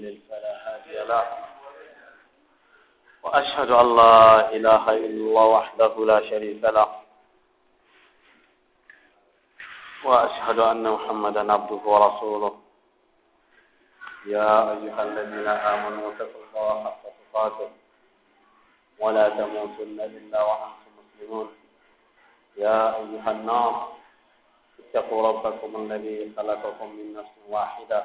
يضلل فلا هادي له وأشهد أن لا إله إلا الله وحده لا شريك له وأشهد أن محمدا عبده ورسوله يا أيها الذين آمنوا اتقوا الله حق تقاته ولا تموتن إلا وأنتم مسلمون يا أيها الناس اتقوا ربكم الذي خلقكم من نفس واحدة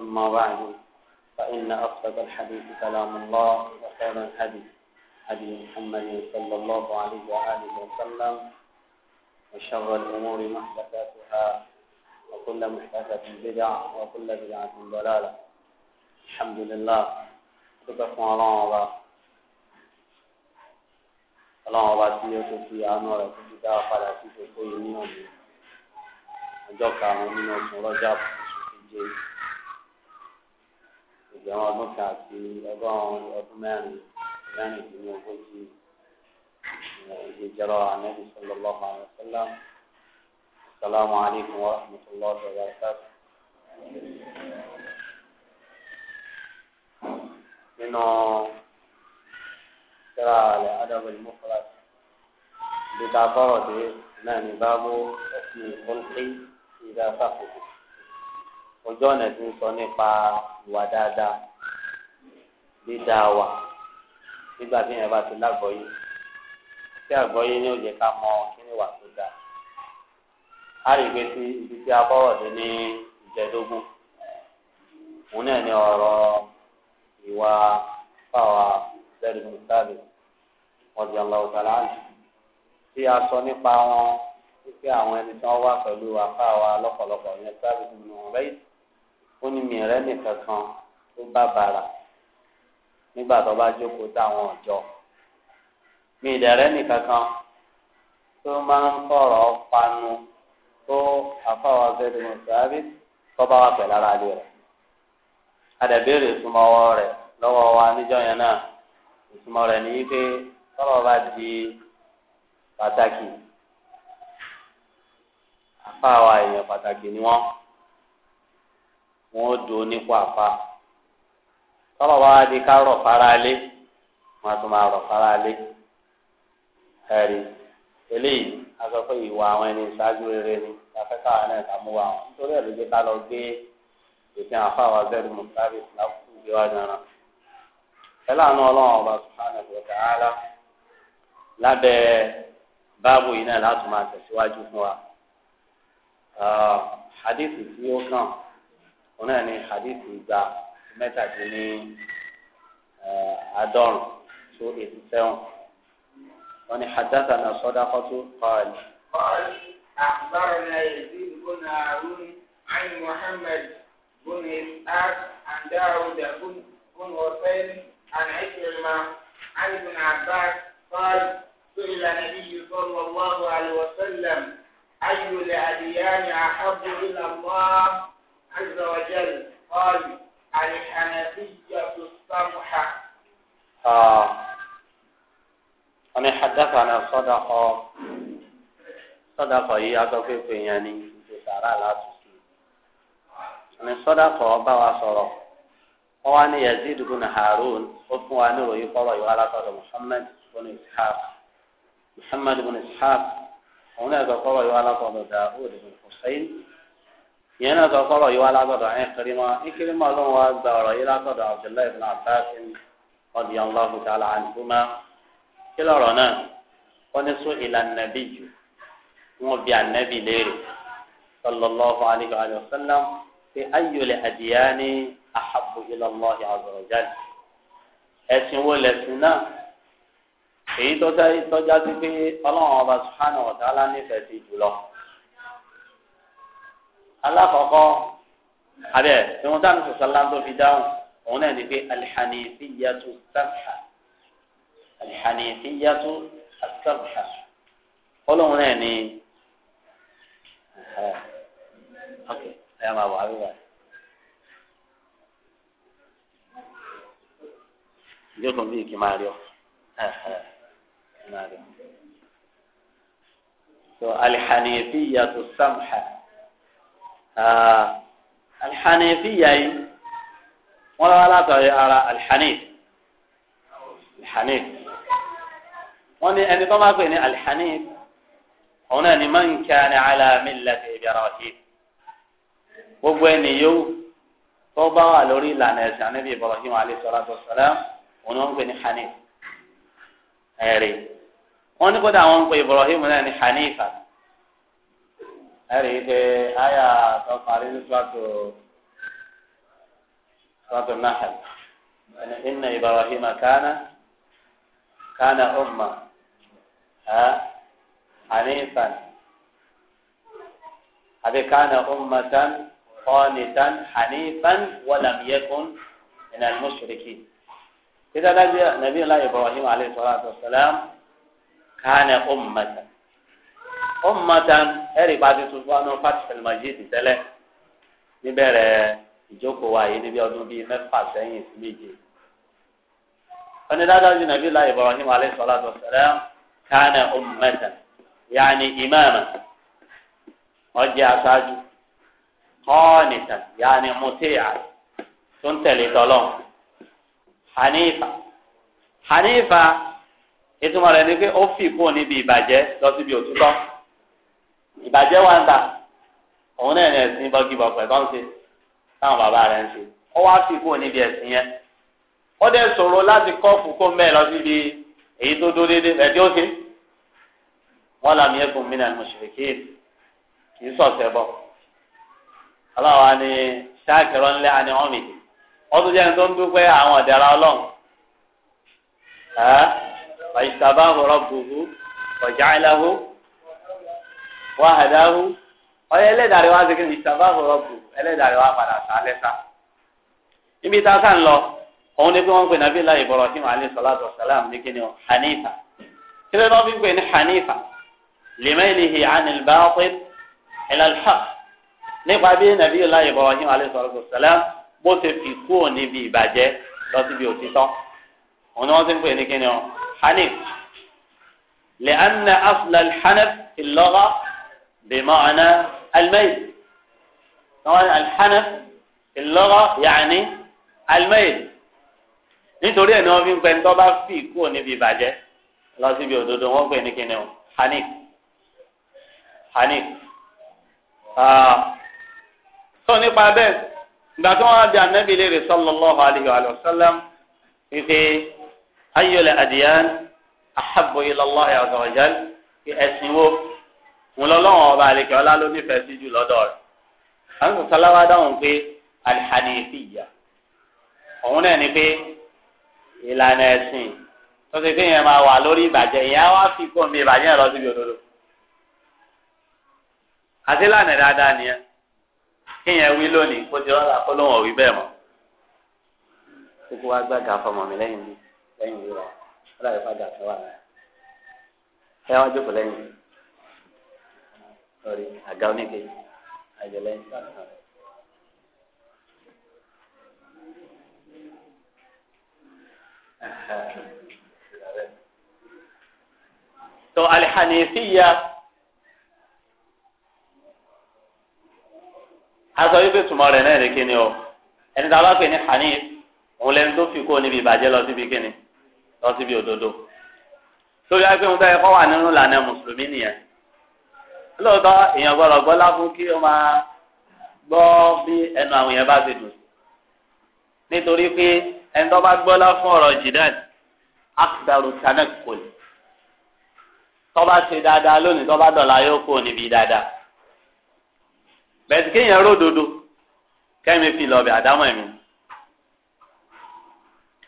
أما بعد فإن أصدق الحديث كلام الله وخير الهدي هدي محمد صلى الله عليه وآله وسلم وشر الأمور محدثاتها وكل محدثة بدعة وكل بدعة ضلالة الحمد لله تكفى الله وبا الله وبا تيوتو في أنور تجدا فلا تيوتو في نيوم أجوكا ومنوس ورجب وشوكي جيد ìgbẹ̀rún ọdún kan àti ọgọ́rùn-ún ọdún mẹ́rin mẹ́rin dín ní ogójì ìjẹjẹrọ anabi sallallahu alayhi wa sallam asalaamu alaykum wa rahmatullahi wa barakatuh. nínú sira alẹ́ adabul mufrad bí ká bọ̀rọ̀ dé náà ní báàbò ẹ̀sìn kọ́ńtì ìdá sáfòkò. ojú ọ̀nà tí ń sọ nípa ìwà dáadáa dídá wa nígbà tí yẹn bá ti lágbọ́yé tí àgbọ́yé ní òye ká mọ kí ni wà tó dáa a rí pé tí ibi tí a bọ̀rọ̀ dé ní ìjẹ́dógún òun náà ni ọ̀rọ̀ ìwà fáwa lẹ́nu mùsàlẹ̀ ọ̀dì ọ̀làwùsàlà tí a sọ nípa wọn pé àwọn ẹni tí wọ́n wà pẹ̀lú afáwa lọ́pọ̀lọpọ̀ yẹn sábẹ̀ nínú rẹ́ẹ̀tì ó ní mi nìkan kan tó bá bàrà nígbà tó bá jókòó táwọn ọjọ́ mi ìdẹrẹ nìkan kan tó máa ń fọ̀rọ̀ panu tó àfọwọ abẹnugan sábẹ tọba wa pẹ lára ilé rẹ adẹbẹrẹ ìsúnmọ́wọ́ rẹ lọ́wọ́ wa níjọ́ yẹn náà ìsúnmọ́ rẹ ní pé tọrọ bá di pàtàkì àfáàwà èèyàn pàtàkì ni wọn. wọ́n do nípa àfa tọ́lọ̀ wá di ká rọ̀ fara lé wọn a tún máa rọ̀ fara lé ẹ̀rí eléyìí a sọ pé ìwà àwọn ẹni ìṣáájú rere ni afẹ́ká náà ká mú wa wọn nítorí ẹ̀ ló ká lọ gbé ìpín àfa wa zẹ́rù mùsàlì lákùú ọlọ́run ọba lábẹ́ báàbù yìí náà láti máa tẹ̀síwájú fún wa tí ó kàn. òun náà ní hadith ìgbà mẹ́tàdínní àádọ́rùn tó eighty seven wọ́n ní haddathana sadaqatu qali. أخبرنا يزيد بن هارون عن محمد بن إسحاق عن داود بن بن حسين عن عكرمة عن ابن عباس قال سئل النبي صلى الله عليه وسلم أي الأديان أحب إلى الله عز وجل قال الحنفية السمحة آه أنا حدثنا صدقة صدقة هي أتوقف يعني بسارة لا تسلم أنا صدقة أبا وصرف wọ́n ní yazid bin harun ó fún wa ní ìròyìn fọlọ ìwà alátọdọ muhammed bin ishaq muhammed bin ishaq òun náà gbọ́ fọlọ ìwà alátọdọ daoud bin hussein ìyẹn náà sọ kọ́rọ̀ yìí wá látọ̀dọ̀ ẹ̀ kìrìmọ́ ìkìrìmọ́ ọlọ́run wá gba ọ̀rọ̀ yìí látọ̀dọ̀ Abdullahi ibn Abbas ọdí ọlọ́hu ta'ala àdúgbò kí lọ́rọ̀ náà wọ́n ní sún ìlànà nàbí jù wọ́n bí ànábì léèrè sallallahu alayhi wa sallam pé ayyul adiyani ahabbu ila Allah ẹ̀sìn wo lẹ̀sìn náà èyí tó tọ́já pé ọlọ́run ọba subhanahu wa ta'ala nífẹ̀ẹ́ sí jùlọ alákọ̀ọ́kọ́ abẹ ìwọ̀n táwọn sọ̀sọ́lá tó fi dáhùn òun náà ní pé alìhànífìyàtú sábà alìhànífìyàtú sábà ọlọ́run náà ní ok ẹ̀yà máa wà wíwá. yóò tún bí kì máa rí ọ máa rí ọ. so alìhànífìyàtú sábà. Ah, alḥanifiyya yìí wọ́n lọ́wọ́ látọ̀rí ara alḥanif alḥanif wọ́n ní ẹni tó máa pè ní alḥanif òun náà ni man kana ala millati ibrahim gbogbo ẹni yóò tó bá wà lórí ìlànà ẹ̀sìn anábì ibrahim alayhi salatu wassalam òun ni wọ́n pè ní hanif ẹ̀rí wọ́n ní kódà wọ́n pè ibrahim náà ní hanifa. ẹ̀rí pé àyà tó parí ní sọ́tò sọ́tò Nahl inna Ibrahim kana kana umma hanifan àbí kana ummatan qanitan hanifan wa lam yakun min al-mushrikin. إذا نبي الله إبراهيم عليه الصلاة والسلام كان أمة ummatan ẹ̀rì pàṣẹ tuntun àná fatihul majid tẹ́lẹ̀ níbẹ̀rẹ̀ ìjókòó wa yìí níbi ọdún bíi mẹ́fà sẹ́yìn sí méje. wọ́n dáadáa ju nàbí láì Ibrahim alayhi salatu wassalam kana ummatan yaani imama wọ́n jẹ́ aṣáájú qanitan yaani muti'a tó ń tẹ̀lé tọ́lọ́ hanifa hanifa ìtumọ̀ rẹ̀ ni pé ó fi níbi ìbàjẹ́ lọ síbi òtítọ́ ìbàjẹ́ wà ń ta òun náà ní ẹ̀sìn bọ́gìbọ̀ pẹ̀ tó ń ṣe táwọn bàbá rẹ̀ ń ṣe ó wá sí kúrò níbi ẹ̀sìn yẹn ó dẹ̀ sọ̀rọ̀ láti kọ́ fúkó mẹ́ẹ̀ lọ síbi èyí tó dó déédéé ẹ̀ tí ó ṣe wọ́n làmì ẹ̀kún mí náà mọ̀ṣẹ̀kì kì í sọ̀tẹ̀ bọ̀ aláwa ni ṣáàkìrọ̀ ńlẹ́ àni ọ̀mì wọ́n tún jẹ́ ẹni tó ń dúpẹ́ àwọn ọ̀dẹ́ra ọlọ́run ẹ̀ fàyíṣàbáwò wà hàdáhù ọyọ ẹlẹ́dàá rẹ wá sí kíni ìṣàbá ọ̀rọ̀bù ẹlẹ́dàá rẹ wá padà sá lẹ́sà níbi tá a sá ń lọ òun ni pé wọ́n ń pè nàbí láì bọ̀rọ̀ tí màá lè sọ̀lá tó sàlám ní kíni o hanifa kí ló náà fi ń pè ní hanifa lèmẹ́lìhì ànilbáwọ́pẹ́ ẹ̀làlùfà nípa bí nàbí láì bọ̀rọ̀ tí màá lè sọ̀lá tó bó ṣe fi kúrò níbi ìbàjẹ́ lọ síbi òtítọ́ òun ni wọ́n ti ń pè ní kíni o hanif lẹ́ẹ̀nà بمعنى الميل طبعا الحنف في اللغة يعني الميل nítorí ẹ̀ ni wọ́n fi ń pẹ́ ní tọ́ba fi kúrò níbi ìbàjẹ́ lọ síbi òdodo wọ́n pè ní kíni o hanif hanif tó nípa bẹ́ẹ̀ ìgbà tí wọ́n á bí anábì léèrè sallallahu alayhi wa sallam wípé ayyul adiyan ahabbu ila Allah azza wa jal ẹ̀sìn wo wọn lọ́lọ́wọ́n ọba àlekẹ́ ọlá ló nífẹ̀ẹ́ sí jù lọ́dọ̀ rẹ̀ àwọn sọláwá dáhùn pé alihanifiya òun náà ni pé ìlànà ẹ̀sìn tó ti fi yẹn máa wà lórí ìbàjẹ́ ìyẹn á wá fi kó mi ìbàjẹ́ yẹn lọ síbi òdodo àti lánàá dáadáa nìyẹn kéèyàn wí lónìí kó ti rọra kó lóun ò bẹ́ẹ̀ mọ́. kókó wá gbàgà fọmọ mi lẹ́yìn mi lẹ́yìn mi rà ó dàbí fàgà tó wà náà ẹ wá jókòó lẹ́yìn mi sọrí àga oníke àjẹlẹ ìsàkàn. tó alihanifiya aṣọ wípé tùmọ̀ rẹ̀ náà ní kíni o ẹni tá a bá pè ní hanif òun lẹni tó fi kó níbi ìbàjẹ́ lọ síbi kíni lọ síbi òdodo. torí wá pé òun tó yẹ kó wà nínú ìlànà mùsùlùmí nìyẹn lóòótọ́ èèyàn gbọ́dọ̀ gbọ́ lábú kí ó máa gbọ́ bí ẹnu àwọn èèyàn bá ti dùn nítorí pé ẹni tó bá gbọ́ lá fún ọ̀rọ̀ jìdán akdaru tanakul tó bá ṣe dáadáa lónìí tó bá dọ̀la yóò kó níbi dáadáa bẹ̀sì kéèyàn ródodo kẹ́mi fi lọ́ọ̀bì àdámọ̀ ẹ̀mí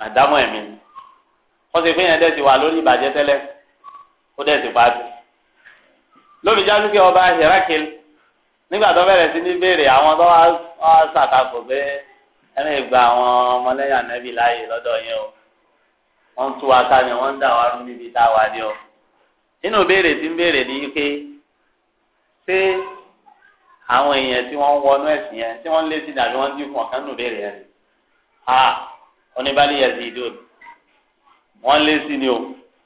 àdámọ̀ ẹ̀mí wọ́n ti fi wà lórí ìbàjẹ́ tẹ́lẹ̀ ó dẹ́ pa á dùn lóbi jáde pé ọba Herakil nígbà tó bẹ̀rẹ̀ sí ní béèrè àwọn tó wá ṣàtakò pé ẹni ìgbà àwọn ọmọlẹ́yìn ànábì láàyè lọ́dọ̀ yẹn o wọ́n ń tú wa ká ni wọ́n ń dà wá rú níbi tá a wà ní o. nínú béèrè tí ń béèrè ní pé ṣé àwọn èèyàn tí wọ́n ń wọnú ẹ̀sìn yẹn tí wọ́n ń lé sí dàbí wọ́n dín fún ọ̀kan béèrè yẹn ni. a oníbàlẹ̀ yẹn ti dò wọ́n lé sí ni o.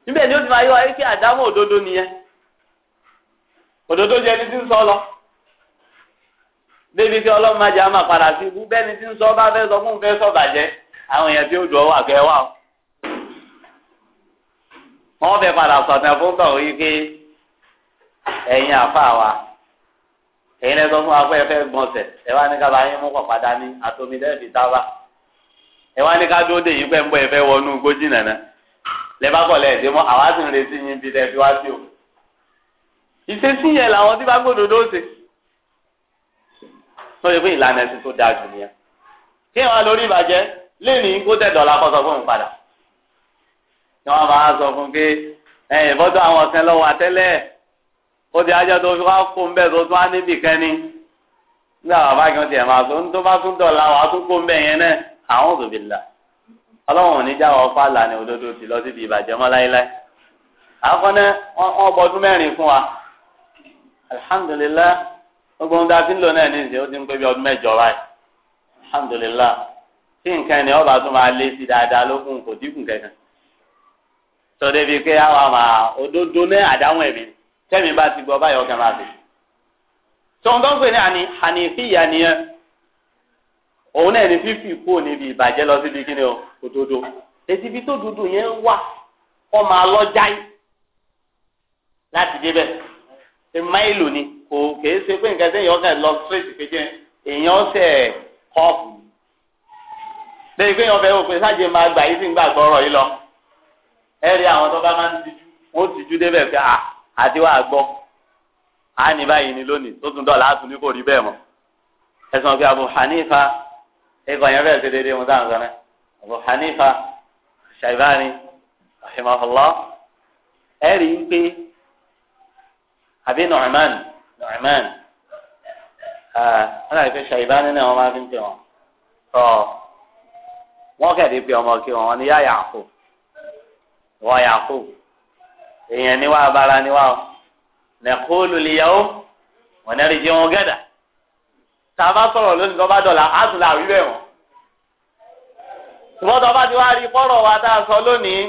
níbẹ̀ ni ó ti máa yọ ayé pé ododo jẹ ẹni tí ń sọ lọ débi tí ọlọ́run má jẹ́ àmà padà sí ibú bẹ́ẹ̀ ni tí sọ bá fẹ́ sọ fún fẹ́ sọ bàjẹ́ àwọn èèyàn tí ó dùn ọ́ wà kẹ́ wà ó. wọ́n fẹ́ padà sọ fún wa ẹ̀yin lẹ́sọ fún wa pé ẹ fẹ́ gbọ̀nsẹ̀ ẹ wá ní mú pọ̀ padà ní lẹ́ẹ̀fì ẹ wá ní kájú yìí pẹ́ ń ẹ fẹ́ wọnú gbójì lẹ́ bá àwa ìṣesí yẹn làwọn tí bá gbódòdó ṣe wọ́n yẹ pé ìlànà ẹ̀sìn tó dáa jù nìyẹn kí wọ́n lórí ìbàjẹ́ lẹ́nìí kó tẹ̀ dọ̀là kọ́ sọ fún un padà kí wọ́n máa sọ fún un pé ẹ̀yìn bọ́dọ̀ àwọn ọ̀sẹ̀ lọ́wọ́ àtẹ́lẹ̀ ó di ajá tó fi wá kó ń bẹ̀ tó tún á níbì kẹ́ni nígbà bàbá kí wọ́n tiẹ̀ máa tó ń tó bá tún dọ̀là wà á tún kó ń bẹ̀ yẹn náà àwọn òbí là ọlọ́run ò ní já wọn fàlà òdodo ti lọ síbi ìbàjẹ́ mọ́ láéláé àkọ́ná wọ́n bọ́dún mẹ́rin fún wa alhamdulilah gbogbo ohun tá a ti ń lò náà ní ìsìn ó ti ń pé bí ọdún mẹ́jọ báyìí alhamdulilah tí nǹkan ẹni ọba tó máa lé sí dáadáa lókun kò dínkù kankan sọ débi pé àwọn àmà òdodo náà àdáhùn ẹ̀mí tẹ́mi bá ti gbọ́ báyọ̀ kan máa fi tọ́hún tó ń pè ní àní nìyẹn òun náà ní fífi kúrò níbi ìbàjẹ́ lọ síbi kí ni o òdodo ètí ibi tó dúdú yẹn wà kọ́ máa lọ jáì láti débẹ̀ máìlù ni kò kèé ṣe pé nǹkan sẹ́yìn ọ̀gá lọ straight kejì èèyàn ṣe kọ́ọ̀fù ni. lẹ́yìn pé èèyàn fẹ́ wò pé sáàjì máa gbà yìí sì ń gbà gbọ́rọ̀ yìí lọ. ẹ rí àwọn tó bá máa ń tijú wọ́n tijú débẹ̀ pé àti wàá gbọ́ á ní báyìí ni lónìí tó tún dọ̀là àtún ní kò rí bẹ́ẹ̀ mọ́. ẹ̀sùn pé Abu Hanifa ẹ̀kọ́ yẹn fẹ́ẹ́ ṣe déédéé mu dáhùn sọ́nẹ́ Abu Hanifa Shaybani rahimahullah ẹ̀rí ń pé àbí Nu'man Nu'man wọn àti pé Shaybani náà wọn máa fi ń pè wọn tọ wọn kẹ̀dé pé ọmọ kí wọn wọn ni yá Yaqub wọ Yaqub èèyàn níwá abala níwá o naqulu liyawm wa narji'u gada tàbá sọ̀rọ̀ lónìí lọ́ba dọ̀là á tún lè àwíwẹ̀ wọn. ṣùgbọ́n tọ́ba ti wá rí fọ́rọ̀ wa tá a sọ lónìí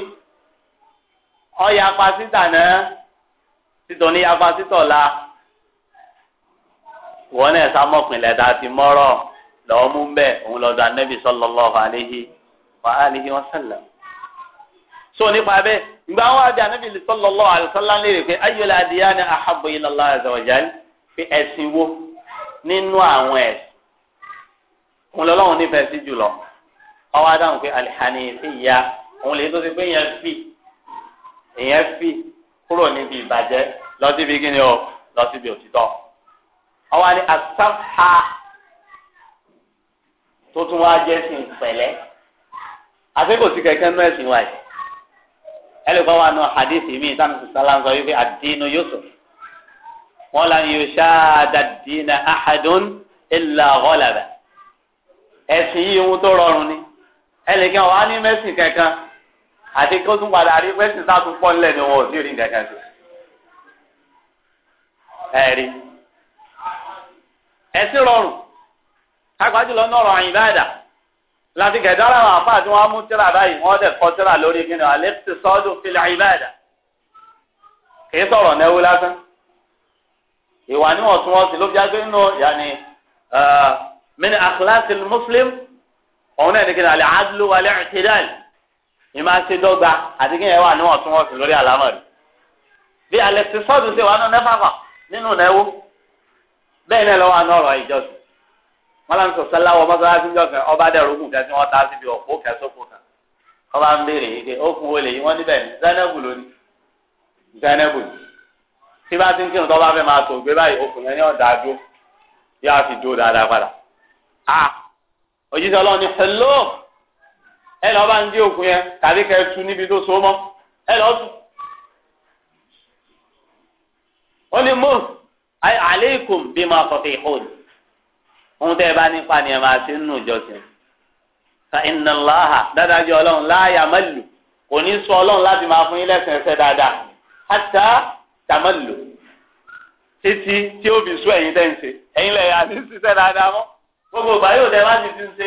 ọ̀yà pàṣítà náà. títọ́ ní yaba títọ́ la wọn náà sá ti mú òun wa alihi wa sallam so nípa bẹ́ẹ̀ ìgbà wọn àbí anábì sallallahu wa sallam lè pé ayyul adiyani ahabbu ila Allah azza fi ẹ̀sìn wo nínú àwọn òun sí jùlọ adáhùn pé òun lè tó ti pé èèyàn fi èèyàn kúrò níbi ìbàjẹ́ lọ síbi kíni o lọ síbi òtítọ́ ọwọ́ ni asáfà tó tún wá jẹ́ sí ìpẹ̀lẹ́ àtẹ́kọ̀ọ́ sí kẹ̀kẹ́ náà ẹ̀sìn wáyé ẹlẹ́gbọ́n wa nù hadith mi ìtàn sísálà ń sọ wípé àdínú yusuf wọn là ń yọ ṣáàdà àhàdùn ìlà ọ̀gọ́làbà ẹ̀sìn yìí ohun tó rọrùn ni ẹlẹ́gbọ́n wa ní mẹ́sìn kankan àti kó tún padà rí pẹ́sì sáàtún pọ́ nílẹ̀ ni wọn ò tí ò ní kankan sí. ẹ̀rí ẹ̀sìn rọrùn kápájú lọ nọ̀rọ̀ àyìnbáàdà láti gẹ̀dọ́rọ̀ àwọn àfáà tí wọ́n mú tíra báyìí wọ́n dẹ̀ kọ́ tíra lórí kí ni àlẹ́sì sọ́dún fil àyìnbáàdà kì í sọ̀rọ̀ náwó lásán ìwà níwọ̀ntúnwọ̀nsì ló fi agbé nínú yàní min akhlaqil muslim òun náà ní kí ni al-adlu wal ní máa ń ṣe dọ́gba àti kí yẹn wà níwọ̀ntúnwọ̀nsì lórí àlámọ̀rí bí alẹ́ ti sọ́ọ̀dù ṣe wà nù nẹ́fàfà nínú nẹ́wó bẹ́ẹ̀ náà lọ́wọ́ àná ọ̀rọ̀ ìjọsìn wọn làwọn sọ sọlá wọ mọ́sálásí ìjọsìn ọba dẹ̀rọ̀gùn kẹsí wọn ta síbi ọ̀pọ̀ kẹsókò kan ọba ń béèrè yìí pé ó kún wọlé yìí wọn níbẹ̀ ní Zainabu lónìí Zainabu tí bá ti ń kírun tó fẹ́ máa tó gbé báyìí okùnrin ní ọ̀dà dúró yóò fi dúró dáadáa padà. Ah! òjíṣẹ́ ọlọ́run ni hello e ọba ndị ń dí òkun yẹn tàbí so mọ, ẹ lọ tu. ó ní aleikum bí máa kọfí ìhóòdì ohun ni ṣe nínú Ka fa iná láhà dáadáa jẹ́ ọlọ́run láàyà mẹ́lù kò ní sọ ọlọ́run láti máa dada yín lẹ́sìn ẹsẹ̀ titi gbogbo yóò ti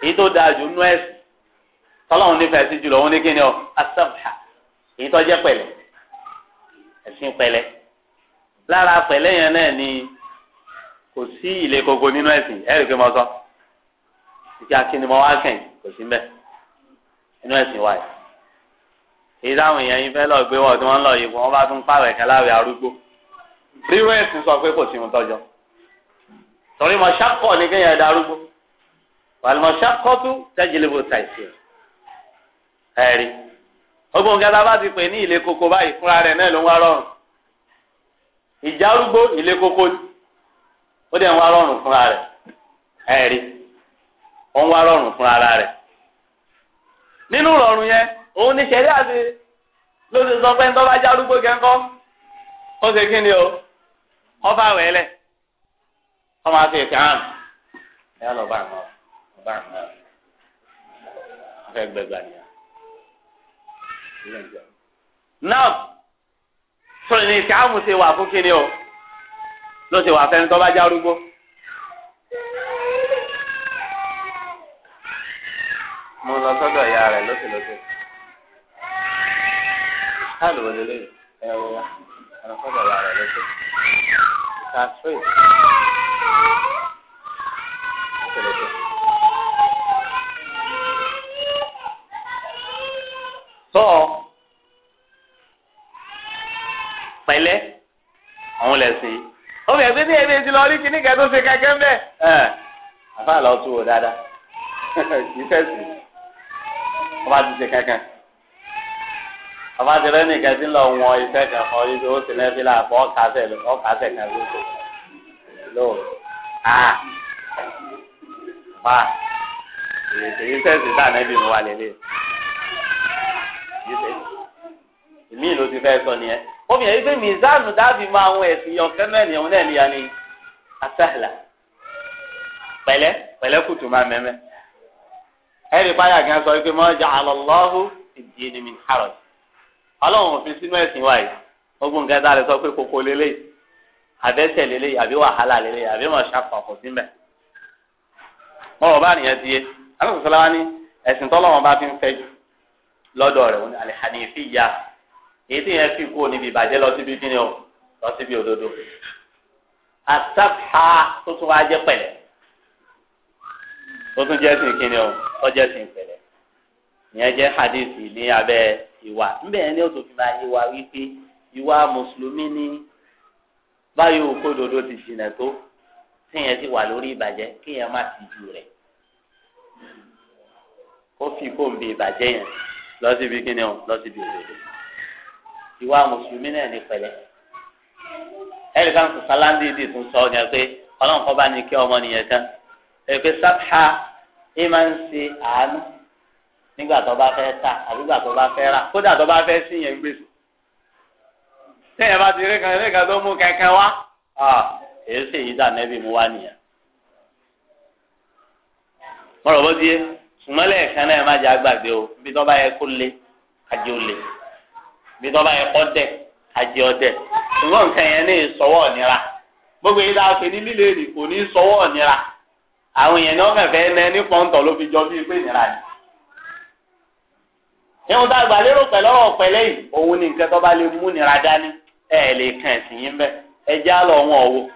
èyí tó dáa jù nú ẹ̀sìn tọ́lọ́run nífẹ̀ẹ́ sí jùlọ òun ní kíni ọ asábà èyí tó jẹ́ pẹ̀lẹ́ ẹ̀sìn pẹ̀lẹ́ lára pẹ̀lẹ́ yẹn náà ni kò sí ilé koko nínú ẹ̀sìn ẹ̀rì pé mo sọ ìdí akíni mo wá kẹ́yìn kò sí mbẹ́ nínú ẹ̀sìn wáyé èyí táwọn èèyàn yín fẹ́ lọ gbé wọ́n tí wọ́n lọ yìí wọ́n bá tún pààrọ̀ ẹ̀kẹ́ láàrin arúgbó rírú ẹ̀sìn sọ pé kò sí ohun tọ́jọ́ torí mo ṣàkọ́ ní kéèyàn darúgbó wàlùmọ̀ṣàkọ́tù tẹ́jìlébù tàìsí ẹ̀rí gbogbo nǹkan bá ti pè ní ilé koko báyìí fúnra rẹ̀ náà ló ń wá rọrùn ilé koko ó dẹ̀ ń wá rọrùn fúnra rẹ̀ ẹ̀rí ó ń wá rọrùn fúnra ara rẹ̀ nínú rọrùn yẹn òun ní àti ló ti sọ pé ń tọ́ba o ọba ọmọ àti gbà náà wọ́n fẹ́ gbẹgbà ni náà sọ̀rọ̀ ní ìsì àmù ṣe wà fún kíni o ló ṣe wà fẹ́ni tó bá já arúgbó. mo lọ sọ́dọ̀ ìyá rẹ̀ lọ́sọ̀lọ́sọ̀ káàlù wọlé lẹ́yìn ẹ̀rọ sọ́dọ̀ ìyá rẹ̀ lọ́sọ̀ ìta straight. òun lẹ̀sìn ó bẹ̀rẹ̀ pé bí ti lọ rí kíní kẹ́ tó ṣe kẹ́kẹ́ mbẹ́ ẹ̀ lọ tún wò dáadáa kì í fẹ̀sìn wọ́n bá ti ṣe kẹ́kẹ́ ọba ti rẹ́ nìkan ti lọ wọn iṣẹ́ kan fọ ibi ó sì lẹ́bi láàpọ̀ ọ̀kasẹ̀ ọ̀kasẹ̀ kan ló ṣe lóòrè ah pa èyí sẹ́sì tá ànábì mu wà lélẹ̀ èmi ló ti fẹ́ sọ nìyẹn obìnrin yìí pé mizanu dábì máa àwọn ẹ̀sìn yàn kẹ́mẹ́ ni òun náà ni yanni asahla pẹ̀lẹ́ pẹ̀lẹ́ kùtù máa mẹ́mẹ́ ẹ̀rí páyà kan sọ pé mọ́jà alọ́láhu ìdí ni mi kárọ̀ ọlọ́run òfin sínú ẹ̀sìn wáyé gbogbo nǹkan tá a lè sọ pé kókó lélẹ̀ àbẹ́sẹ̀ lélẹ̀ àbí wàhálà lélẹ̀ àbí mọ̀ṣáfà kò sí mẹ́ mọ̀rọ̀ bá nìyẹn ti èyí tí yẹn fi kú níbi ìbàjẹ́ lọ síbi kí ni o lọ síbi òdodo asapha tó tún wá jẹ́ pẹ̀lẹ́ tó tún jẹ́ sìn kí ni o tó jẹ́ sìn pẹ̀lẹ́ ìyẹn jẹ́ hadithi ní abẹ́ ìwà ńbẹ̀ ni ó tó fi máa ìwà wípé ìwà mùsùlùmí ni báyìí òkú òdodo ti jìnà tó tí yẹn ti wà lórí ìbàjẹ́ kí yẹn má ti ju rẹ̀ kó fi kó ń bi ìbàjẹ́ yẹn lọ síbi kí ni o lọ síbi òdodo ìwà mùsùlùmí náà ní pẹ̀lẹ́ ẹnì kan sọ sálándìdì tún sọ ọ yẹn pé ọlọ́run kọ́ bá ní kí ọmọ nìyẹn kan èyí pé sábà ẹ máa ń ṣe àánú nígbà tó bá fẹ́ ta àbí gbà tó bá fẹ́ rà kódà tó bá fẹ́ sí yẹn gbèsè tẹ́yẹ̀ bá ti rí kan rí tó mú kankan wá èyí sì yí dà nẹ́bí wá nìyẹn mọ̀rọ̀ bó ti yé sùmọ́lẹ̀ kan náà má jẹ́ àgbàgbé o bí tó bá yẹ kó lé kájí ó bí tọ́ba yẹn kọ́ dẹ̀ ajé ṣùgbọ́n nǹkan yẹn ní ìsọwọ́ ọ̀nira gbogbo yìí dáa ní líle kò ní ìsọwọ́ ọ̀nira àwọn èèyàn ní fẹ́ pọ́ńtọ̀ ló fi jọ pé ni. ìhun tá a gbà lérò pẹ̀lú ọ̀rọ̀ pẹ̀lẹ́ yìí òun ni nǹkan tọ́ba lè mú nira dání lè kàn yín ẹ já lọ wọn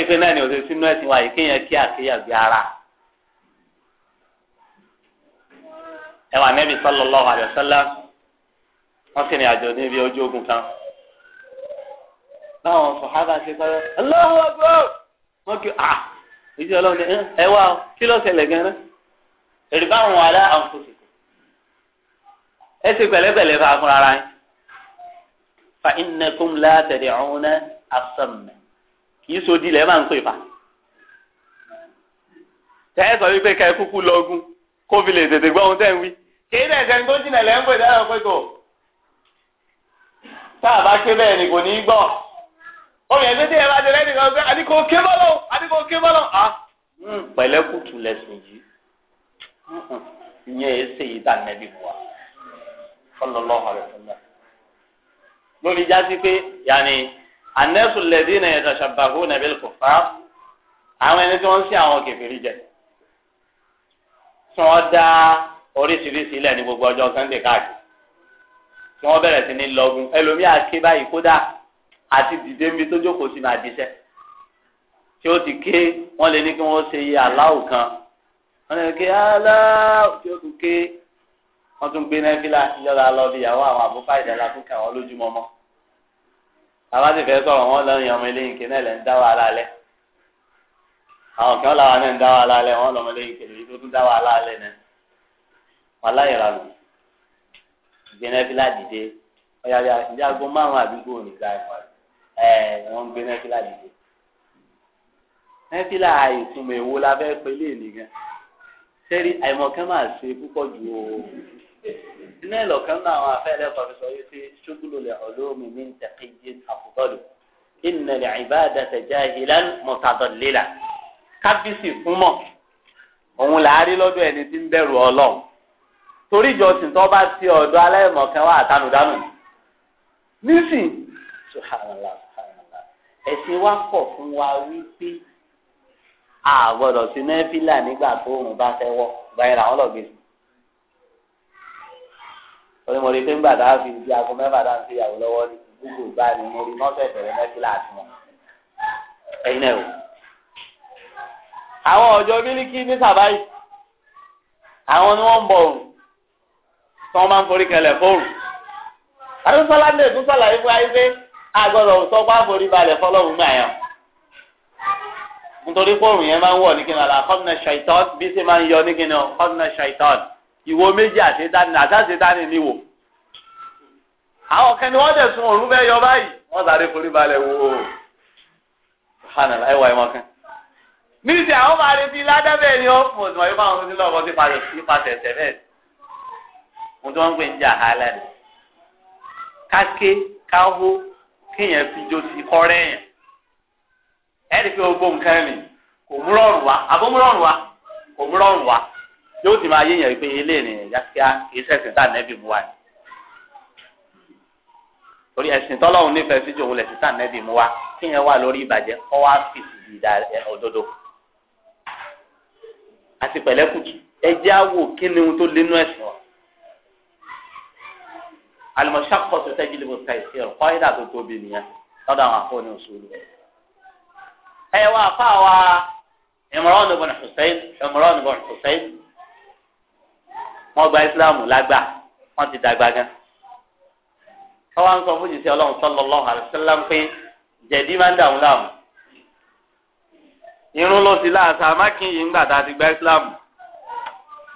i pé náà ni òṣèlú sínú ẹ̀sìn ya yìí kéèyàn kí ara. nẹ́bí wọ́n sì rìn àjò níbi ojú ogun kan báwọn sọ̀hábà ṣe sọ́yọ́ Allahu Akbar wọ́n kí à ah, ìjọ ọlọ́run ní eh, ẹ wá o kí ló ṣẹlẹ̀ gan-an èrè báwọn wà lá àwọn fòsì ẹ ṣe pẹ̀lẹ́pẹ̀lẹ́ fà fúnra ara yín fa innakum la tad'una as-samma kì í so di ilẹ̀ máa ń pè fà tẹ́ ẹ sọ wípé ká kúkú lọ́gùn kó fi lè tètè gbọ́ ohun tẹ́ ń wí kì í dẹ̀ ṣẹ́ni tó jìnà ń pè dáhùn pé kò tá a bá ké bẹ́ẹ̀ ni kò ní í gbọ́ omi ẹ̀sìn tí ẹ bá ti rẹ́ẹ̀dì kan pé àdìkò ké bọ́lọ̀ àdìkò ké bọ́lọ̀ à ah, hmm, pẹ̀lẹ́kùtù lẹ̀sìn yìí hmm, ìyẹn ẹ̀ ṣe yìí tà nẹ́bí wa sallallahu alaihi wasallam lórí jásí pé yàní anẹ́sù lẹ́dí náà yẹn ṣàṣàbàhó nàbẹ́lì kò fà á àwọn ẹni tí wọ́n ń sìn àwọn kẹfìrí jẹ tí wọ́n dá oríṣiríṣi ilẹ̀ gbogbo ọjọ́ Sunday káàkiri tí wọ́n bẹ̀rẹ̀ sí ní lọ́gùn ẹlòmíì àké báyìí kódà àti dìde mi tó jókòó sí máa diṣẹ́ tí ó ti ké wọ́n lè ní kí wọ́n ṣe iye aláwò kan wọ́n lè ké aláwò tí ó tún ké wọ́n tún gbé nẹ́fílà yọ̀dà lọ bí ìyàwó àwọn àbúfà ìdàlà fún kàwọn lójúmọ́mọ́ bàbá sì fẹ́ sọ̀rọ̀ wọn lọ́yìn ọmọ eléyìí kí náà lẹ́ ń dá wàhálà lẹ́ àwọn kan láwa náà ń dá wàhálà lẹ́ wọn lọ́mọ eléyìí kèlè tó tún dá wàhálà lẹ́ náà wàhálà yẹ̀rọ àlùkò gbẹnẹfìlà dìde ọyàwó ìdí aago márùn àdúgbò nìgbà ẹ wọn gbẹnẹfìlà dìde nẹfìlà àìsùnmọ̀ èwo la fẹ́ pe lé nìkan sẹ́rí àìmọ̀kẹ́ máa ṣe púpọ̀ ju o iná ìlọ̀kẹ́ náà àwọn afẹ́lẹ́ kọfíṣọ yìí ṣe ṣókùlù lẹ̀ ọlọ́ọ̀mì ní tẹ̀kíjì àfùbọ́ọ̀lù ìnàlẹ̀ ìbáàdà tẹ̀já ìlànà mọ̀tàdọ̀lélà kábíyèsí fún mọ̀ òun làárí lọ́dọ̀ ẹni tí ń bẹ̀rù ọlọ́run torí ìjọsìn tó bá ti ọ̀dọ̀ aláìmọ̀kan wá àtànùdánù nísìn subhanallah subhanallah ẹ̀sìn wa kọ̀ fún wa wípé a gbọ́dọ̀ sí nẹ́fílà nígbà tó òun bá fẹ́ wọ̀ báyìí làwọn lọ gbé torí mo rí pé ńgbà tá a fi di aago mẹ́fà dá sí ìyàwó lọ́wọ́ ní gbogbo ìgbà ni mo rí nọ́ọ̀sẹ̀ bẹ̀rẹ̀ nẹ́fílà àti wọn ẹ̀yin náà o àwọn ọjọ́ mílíkì ní sàbáyì àwọn ni wọ́n ń bọ̀ òun tí wọ́n máa ń forí kẹlẹ̀ fóònù. àdúgbòsọ́lá ní ètò sàlàyé fún ayé pé àgọ́dọ̀ sọ pé àforí balẹ̀ fọlọ́run náà yàn. nítorí fóònù yẹn máa ń wọ̀ ní kíni àlà kọ́mínà ṣàìtọ́n bí sì máa ń yọ ní kíni kọ́mínà ṣàìtọ́n ìwo méjì àṣetánì àtàṣetánì ni wò. àwọn kẹni wọ́n dẹ̀ sun òru fẹ́ yọ báyìí wọ́n sáré forí balẹ̀ wò ó. subhanallah ẹ wà ẹ wọn kan níbi àwọn máa retí ládàbẹ̀ ni ó mọ̀ sí wáyé báwọn ti lọ́wọ́ sí pàṣẹ ẹ̀sẹ̀ bẹ́ẹ̀ ohun tí wọ́n ń pè ń jà hálà ni káké káwó kéèyàn fi jó sí kọ́rẹ́ yẹn ẹ̀rí pé gbogbo nǹkan rìn kò múrọ̀rùn wá àbó múrọ̀rùn wá kò múrọ̀rùn wá yóò ti máa yéèyàn pé ilé ènìyàn yáfíà iṣẹ́ ẹ̀sìn tá nẹ́bí mu wá ni torí ẹ̀sìn tọ́lọ́run nífẹ̀ẹ́ sí jòun lẹ̀sìn tá nẹ́bí mu wá kéèyàn wà lórí ìbàjẹ́ kọ́ wá fìsì di ìdá òdodo àti pẹ̀lẹ́kùtù ẹ jẹ́ àwò kí ni ohun tó lé nú ẹ̀sìn wa alimọ̀ṣàkọ̀ tó tẹ́jú lè bó ta ìṣe rẹ̀ kọ́ ìdá tó tóbi nìyẹn lọ́dọ̀ àwọn afọ́ ní òṣèlú. ẹ wá afá wa Imran ibn Hussein Imran ibn Hussein wọ́n gba Islam lágbà wọ́n ti dàgbà gan. wọ́n wá ń sọ fújì sí ọlọ́run sallallahu alaihi wasallam pé jẹ̀dí máa ń dààmú láàmú. irun ló ti láàṣà mákìnyìn ńgbà tá a ti gba Islam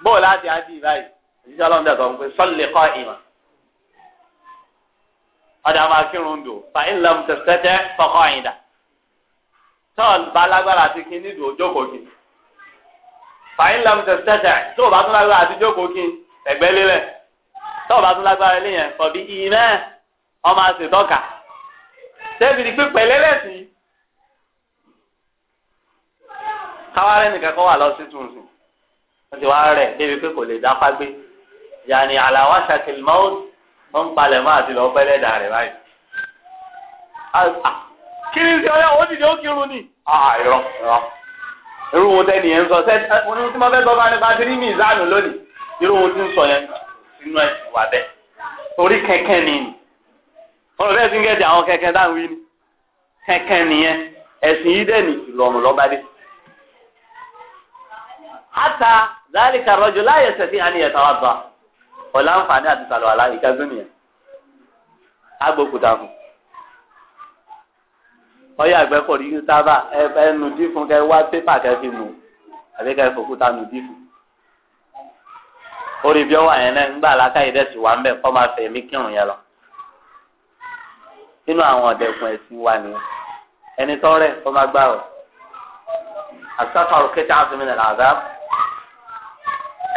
bóòlù àti àdì báyìí òṣìṣẹ́ ọlọ́run dẹ̀ sọ pé sọ́ọ̀lì kọ́ ìmọ̀ ọ̀dà máa kírun dò fàyín lẹ́mu tẹ̀sẹ̀tẹ̀ fọkọ àyìndà tọ́ọ̀lù bá lágbára àti kí nídìí òjókòó kì fàyín lẹ́mu tẹ̀sẹ̀tẹ̀ tó o bá tún lágbára àti jókòó kì ẹ̀gbẹ́ lélẹ̀ tó o bá tún lágbára ilé yẹn fọ̀bí ìmẹ́ ọmọ àṣetọ́ka tẹ́bìrì pípẹ́ lélẹ̀sì káwárẹ́ nìkan kọ́ wà lọ sí tuntun wọ́n ti wá rẹ̀ débi pé kò lè dá fágbé yàní àlàáwá ṣàkìlì wọ́n ń palẹ̀ mọ́ àti lọ́ọ́ pẹ́lẹ́ dà rẹ̀ báyìí. kí ni ọyá òun ti ó kírun ni. irọ́ irú wo tẹ́ni yẹn ń sọ sẹ́ni mo ní tí mo fẹ́ sọ bá ti rí mi ìzánu lónìí irú wo ti ń sọ yẹn inú ẹ̀ wà bẹ́ẹ̀ torí kẹ̀kẹ́ ni ni lọ bẹ́ẹ̀ ti ń gẹ̀ẹ́dì àwọn kẹ̀kẹ́ dáhùn wí ni kẹ̀kẹ́ nìyẹn ẹ̀sìn yìí dẹ̀ ní lọ́ba dé. hátà zálìkà rọ́jò láyẹ̀sẹ̀ sí àníyàn tàwa bá ọ̀la ń fàdé àti sàlọ̀ àlá ìkájú nìyẹn agbókùtà fún ọyọ àgbẹ̀ kò rí sábà ẹ nu dí fún kẹ wá pépà kẹ fi nù àbí kẹ fòkúta nu dí fún orí bí ọwọ́ àyẹn náà ńgbà alákàyè dẹsí wà ń bẹ kọ máa fẹmí kírun yẹn lọ nínú àwọn ọ̀dẹ̀kùn ẹ̀sìn wa nìyẹn ẹni tọrẹ kọ máa gbà ọ àtúntàfà òkè tí a fi mi nà làzá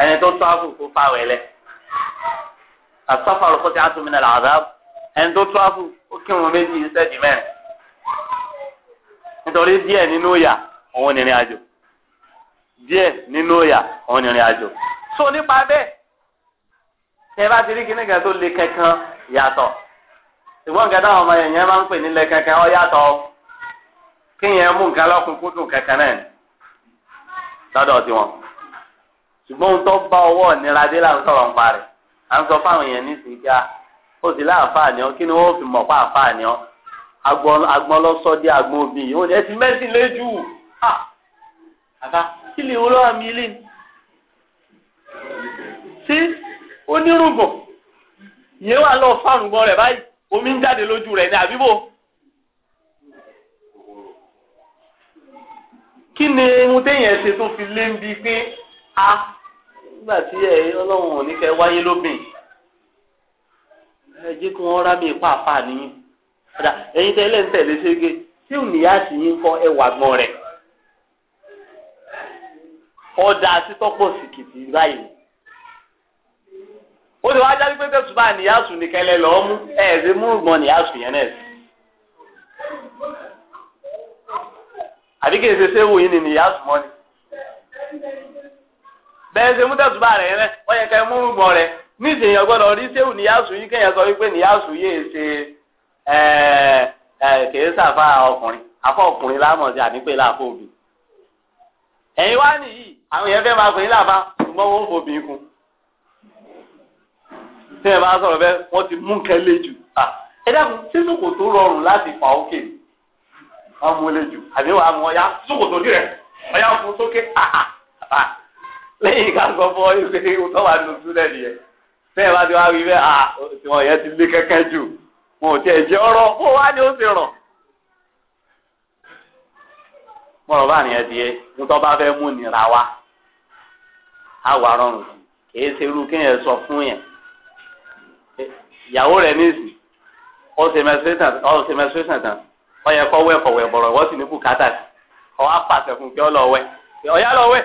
ẹni tó tọ́ àbùkù fáwẹ̀lẹ́ asafaru kò tí a tún mi nà làdá ẹni tó tíráfù ó kí wọn méjì iṣẹ́ di mẹ́rin nítorí díẹ̀ nínú ìyà òun nìrìn àjò díẹ̀ nínú ìyà òun nìrìn àjò so nípa bẹ́ẹ̀ tẹ bá ti rí kíní kan tó le kankan yàtọ̀ ìwọ nǹkan táwọn ọmọ yẹn máa ń pè nílẹ̀ kankan ọ yàtọ̀ kéèyàn mú nǹkan lọ́kùnkúndùn kankan náà lọ́dọ̀ tiwọn ṣùgbọ́n tó bá ọwọ́ ìnira dé là ń parí à ń sọ fáwọn èèyàn nísìnyí kí a ó sì láǹfààní ọ kí ni wọn fi mọ̀ pa àǹfààní ọ agbọn lọsọ dé agbọn obì yìí wọn ni ẹ ti mẹsìn léjú àbá kí lè wúlọ àmì ilé ni sí onírùngbọ̀n yẹn wà lọ fárùngbọ̀n rẹ báyìí omi ń jáde lójú rẹ ní àbíbò kí ni ohun téèyàn ṣe tó fi lé ń bi pé a nígbà tí ẹ ọlọ́run ò ní kẹ wáyé lóbìn ẹ jẹ́ kí wọ́n rá mi ipá àfa nìyí ọ̀dà ẹ̀yin tẹ́lẹ̀ ń tẹ̀lé ṣége tí ò níyà sí yín kọ́ ẹwà gan rẹ̀ ọ̀dà títọ́pọ̀ sìkìtì báyìí ó ti wá jáde pé tẹ̀sùn bá níyà sùn nìkẹ́lẹ́ lọ́ọ́ mú ẹ̀ ṣe mú ìgbọ̀n níyà sùn yẹn náà sí. àbí kì í ṣe ṣé wòye ni níyà sùn mọ́ ni. bẹ́ẹ̀ ṣe mú tẹ̀sùbà rẹ̀ rẹ̀ wọ́n yẹ kẹ́ mú rúgbọ̀n rẹ̀ rí yìí sọ wípé níyàsù yìí ṣe kèé sàfà ọkùnrin afọ ọkùnrin lámọ̀ sí ànípé òbí. wá nìyí àwọn yẹn fẹ́ máa pè láàfà ṣùgbọ́n wọ́n fò sọ̀rọ̀ bẹ́ẹ̀ wọ́n ti mú kẹ́ lé jù. ẹ dákun lẹ́yìn ká sọ fún ọ yìí pé tó wà nù sílẹ̀ nìyẹn bẹ́ẹ̀ bá ti wá wí bẹ́ẹ̀ à ah, tiwọn yẹn ti lé kẹ́kẹ́ jù wọn ò tiẹ̀ jẹ́ ọ̀rọ̀ kó wá ní ó ti rọ̀. mo rọ̀ bá nìyẹn ti mo tọ́ bá fẹ́ mú nira wa á wà rọrùn kì í ṣe irú kéèyàn sọ fún yẹn ìyàwó rẹ̀ nísì ó ṣe menstruation tán wẹ̀ kọ̀wẹ̀ bọ̀rọ̀ wọ́n sì ní kú kátà sí wá pàṣẹ fún kí ọ lọ wẹ̀ ọ̀yá lọ wẹ̀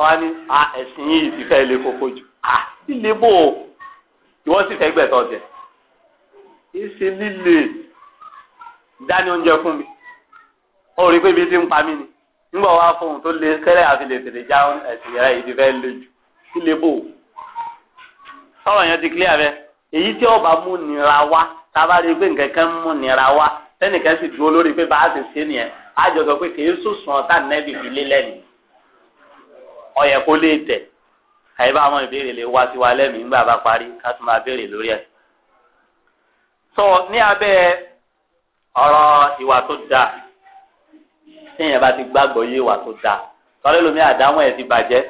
wọ́n á ní ẹ̀sìn yìí ti fẹ́ lé koko jù líle bò ó ìwọ́n sì fẹ́ gbẹ̀tọ̀ jẹ kì í ṣe líle dání oúnjẹ fún mi ó rí pé ibi tí ń pa mí ni nígbà wàá fóun tó lé kẹ́lẹ́ àfi lè tètè já ẹ̀sìn yẹn yìí ti fẹ́ lé jù líle bò ó sọ̀rọ̀ yẹn ti clear rẹ èyí tí ọba mú nira wá tábà rí pé nǹkan kan mú nira wá tẹ́nìkan sì dúró lórí pé bá a ti ṣe nìyẹn á jọ sọ pé kì í sùn sùn ọ̀tá nẹ́bì fi lé lẹ́nu ọyẹ kó lè tẹ̀ àyè bá ìbéèrè lè wá sí wa lẹ́mìí nígbà bá parí ká tún máa béèrè lórí ẹ̀. sọ ní abẹ́ ọ̀rọ̀ ìwà tó dáa bá ti gbàgbọ́ yé ìwà tó dáa tọ́lé lomi àdáwọn ẹ̀ ti bàjẹ́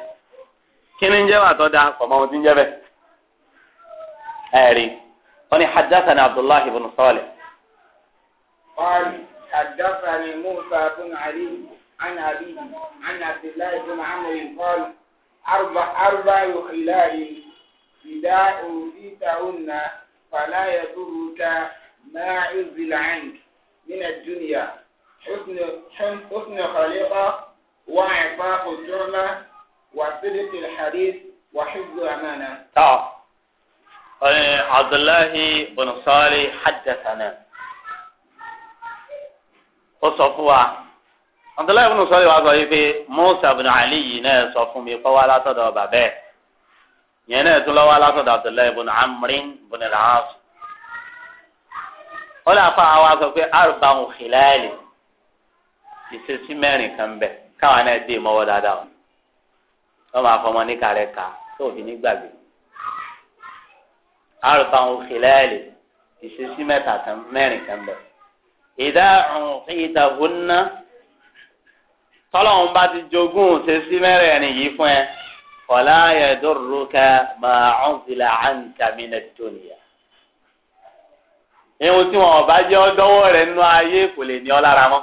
kí ni ń jẹ́ wà tó dáa kọ̀ ohun ni abdullahi ibn عن أبيه عن عبد الله بن عمرو قال أربع أربع خلال فداء أوتيتهن فلا يضرك ما عزل عنك من الدنيا حسن حسن خليقة وعفاف الجرمة وصدق الحديث وحفظ أمانة. آه، عبد الله بن صالح حدثنا. وصفوا abdullahi ibn sọ́yìn wa sọ yìí pé musa ibn ali yìí náà sọ fún mi kọ́wá látọ̀dọ̀ bàbá ẹ̀ yẹn náà tún lọ́wọ́ látọ̀dọ̀ abdullahi ibn amrin ibn al-as wọ́n lè fa àwọn aṣọ pé arba'u khilali ìṣesí mẹ́rin kan bẹ̀ káwọn náà dé mọ́wọ́ dáadáa o wọ́n máa fọmọ ní kàrẹ́ ká tó fi ní gbàgbé arba'u khilali ìṣesí mẹ́ta kan mẹ́rin kan bẹ̀ ìdá ọ̀hún ìtàhùn náà tọ́lọ́hún bá ti jogún ṣèṣí mẹ́rẹ̀ẹ̀rin yìí fún ẹ kọ̀lá yadurruka máa ń filà àǹkà mi nà dúnìyà. ihun tí wọn ọba jẹ́ ọdọ́wọ́ rẹ̀ nínú ayé kò lè ní ọ lára mọ́.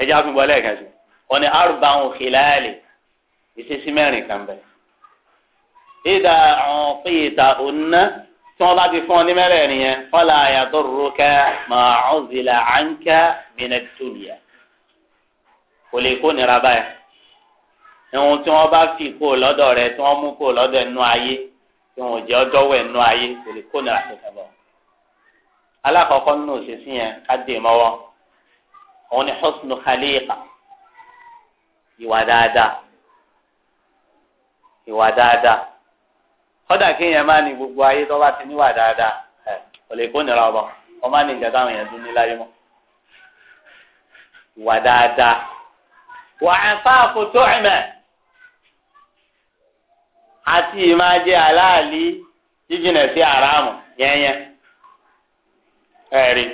ẹ jẹ́ àtúngbọ́ lẹ́ẹ̀kan sí wọn ni arúgbáhùn kìláàlì ìṣesí mẹ́rin kan bẹ̀. ìdá àwọn fìyìtà òǹnà tí wọn bá ti fún ọ ní mẹ́rẹ̀ẹ̀rin yẹn kọlá yadurruka máa ń filà àǹkà mi kò lè kó nira báyà ohun tí wọ́n bá fi kó lọ́dọ̀ rẹ̀ tí wọ́n mú kó lọ́dọ̀ ẹnu ayé tí wọ́n jẹ́ ọjọ́ wẹ̀ ẹnu ayé kò lè kó nira kẹta bọ̀ alákọ̀ọ́kọ́ nínú òṣèṣì yẹn ká dè mọ́wọ́ òun ni husnu khaliqa ìwà dáadáa ìwà dáadáa kódà kéèyàn máa ní gbogbo ayé tó bá ti níwà dáadáa ẹ̀ kò lè kó nira ọ̀bọ̀ wọ́n máa ní ìjà táwọn èèyàn dún ní láyé mọ́ ìwà dáadáa wàhánsáàfù tóhìmẹ̀ àti ìmájẹ aláàlí jíjìnà sí àràmù yẹ́nyẹ́ ẹ̀rí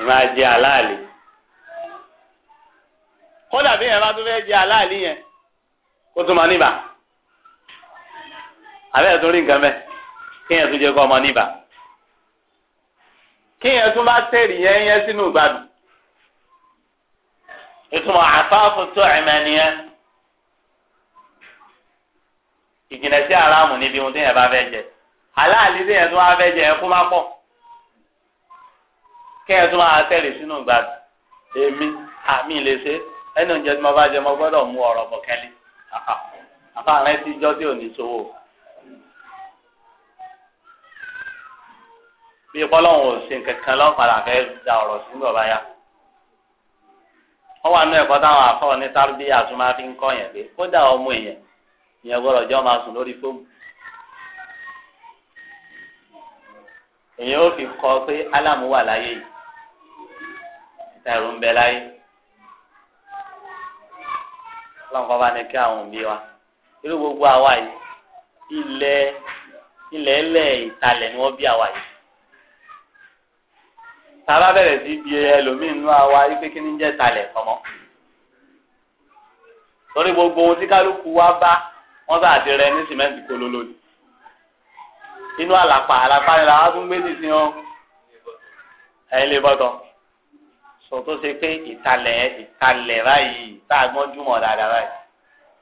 ìmájẹ aláàlí kódà bí yẹn bá tún fẹ́ jẹ aláàlí yẹn kó tún mọ níbà àbẹ́ẹ̀ tún rí nǹkan mẹ́ kí yẹn tún jẹ́ kọ́ ọmọ níbà kí yẹn ìtumọ̀ àfáàfù tó ẹ̀mẹ́ nìyẹn ìjìnlẹ̀ sí aráàmù níbi ohun tí yẹn bá fẹ́ jẹ aláàlí tí yẹn tó wá fẹ́ jẹ ẹ̀kú má pọ̀ kẹ́yìn tó máa tẹ̀lé sínú gbàdú èmi àmì lè ṣe ẹni oúnjẹ tí mo bá jẹ mo gbọ́dọ̀ mú ọ̀rọ̀ bọ̀ kẹ́lí àfààní tí ijọ́ tí ò ní sówó. bí ìpọ́lọ́hún ò ṣe nǹkan kan lọ́pàá da ọ̀rọ̀ sí ọ̀bá yá ọwọ àánú ẹ̀kọ́ táwọn afọ ní tárúbíyà tó máa fi ń kọ yẹn pé kódà ọmọ èèyàn ìyẹn gbọ́dọ̀ jọ máa sùn lórí fóònù. èèyàn ó fi kọ pé álámù wà láyé yìí ẹrù ń bẹ láyé ọlọ́nkọ́ bá ní kí àwọn òbí wa irú gbogbo àwa yìí ilẹ̀ ilẹ̀ ẹlẹ́ ìtalẹ̀ ni wọ́n bí àwa yìí sábà bẹ̀rẹ̀ sí bí ẹlòmíín nú àwa ipe kí ni jẹ́ talẹ̀ ọmọ torí gbogbo ohun tí kálukú wa bá wọn bá ti rẹ ní sìmẹ́ǹtì kololo ni inú àlàpà àlàpà ni làwọn tún gbé sí sí wọn ẹ̀yìn lè bọ́tọ̀ sọ tó ṣe pé ìtalẹ̀ ìtalẹ̀ báyìí tá a gbọ́n jùmọ̀ dáadáa báyìí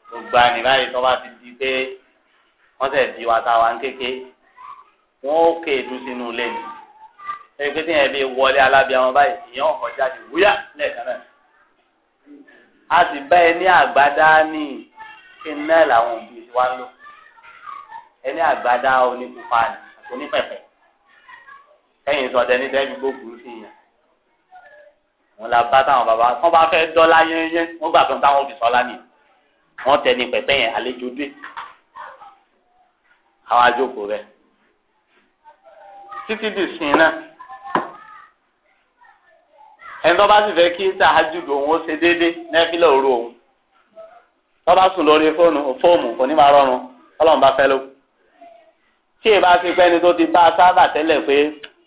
gbogbo àní báyìí tó bá ti di pé wọ́n tẹ̀ di wa ń kéke wọ́n ó kéèdú sínú ilé ẹgbẹ́ tí yẹn bí wọlé alábíàmọ́ báyìí ìyẹn ọkọ̀ jáde wúyà lẹ́ẹ̀kan náà. a sì bá ẹ ní àgbádá ní kíná làwọn òbí ti wá ń lò ẹ ní àgbádá onípupa àti onípẹ̀pẹ̀ kẹ́yìn sọ̀tẹ́ ní tẹ́bí gbógun sí yẹn. wọn la bá táwọn bàbá wọn bá fẹ́ dọ́là yẹnyẹn wọn gbà fún táwọn òbí sọ́lá nìyẹn wọn tẹ ní pẹ̀pẹ́ yẹn àlejò àwọn àjòkò rẹ títí dì sin náà ẹni tó bá sì fẹ́ kí tahajud òun ó ṣe déédéé nẹfìlẹ òru òun tó bá sùn lórí fóònù fóòmù kò ní máa rọrùn Ọlọ́run bá fẹ́ ló tí èèbá ti pẹ́ ni tó ti bá a sábà tẹ́lẹ̀ pé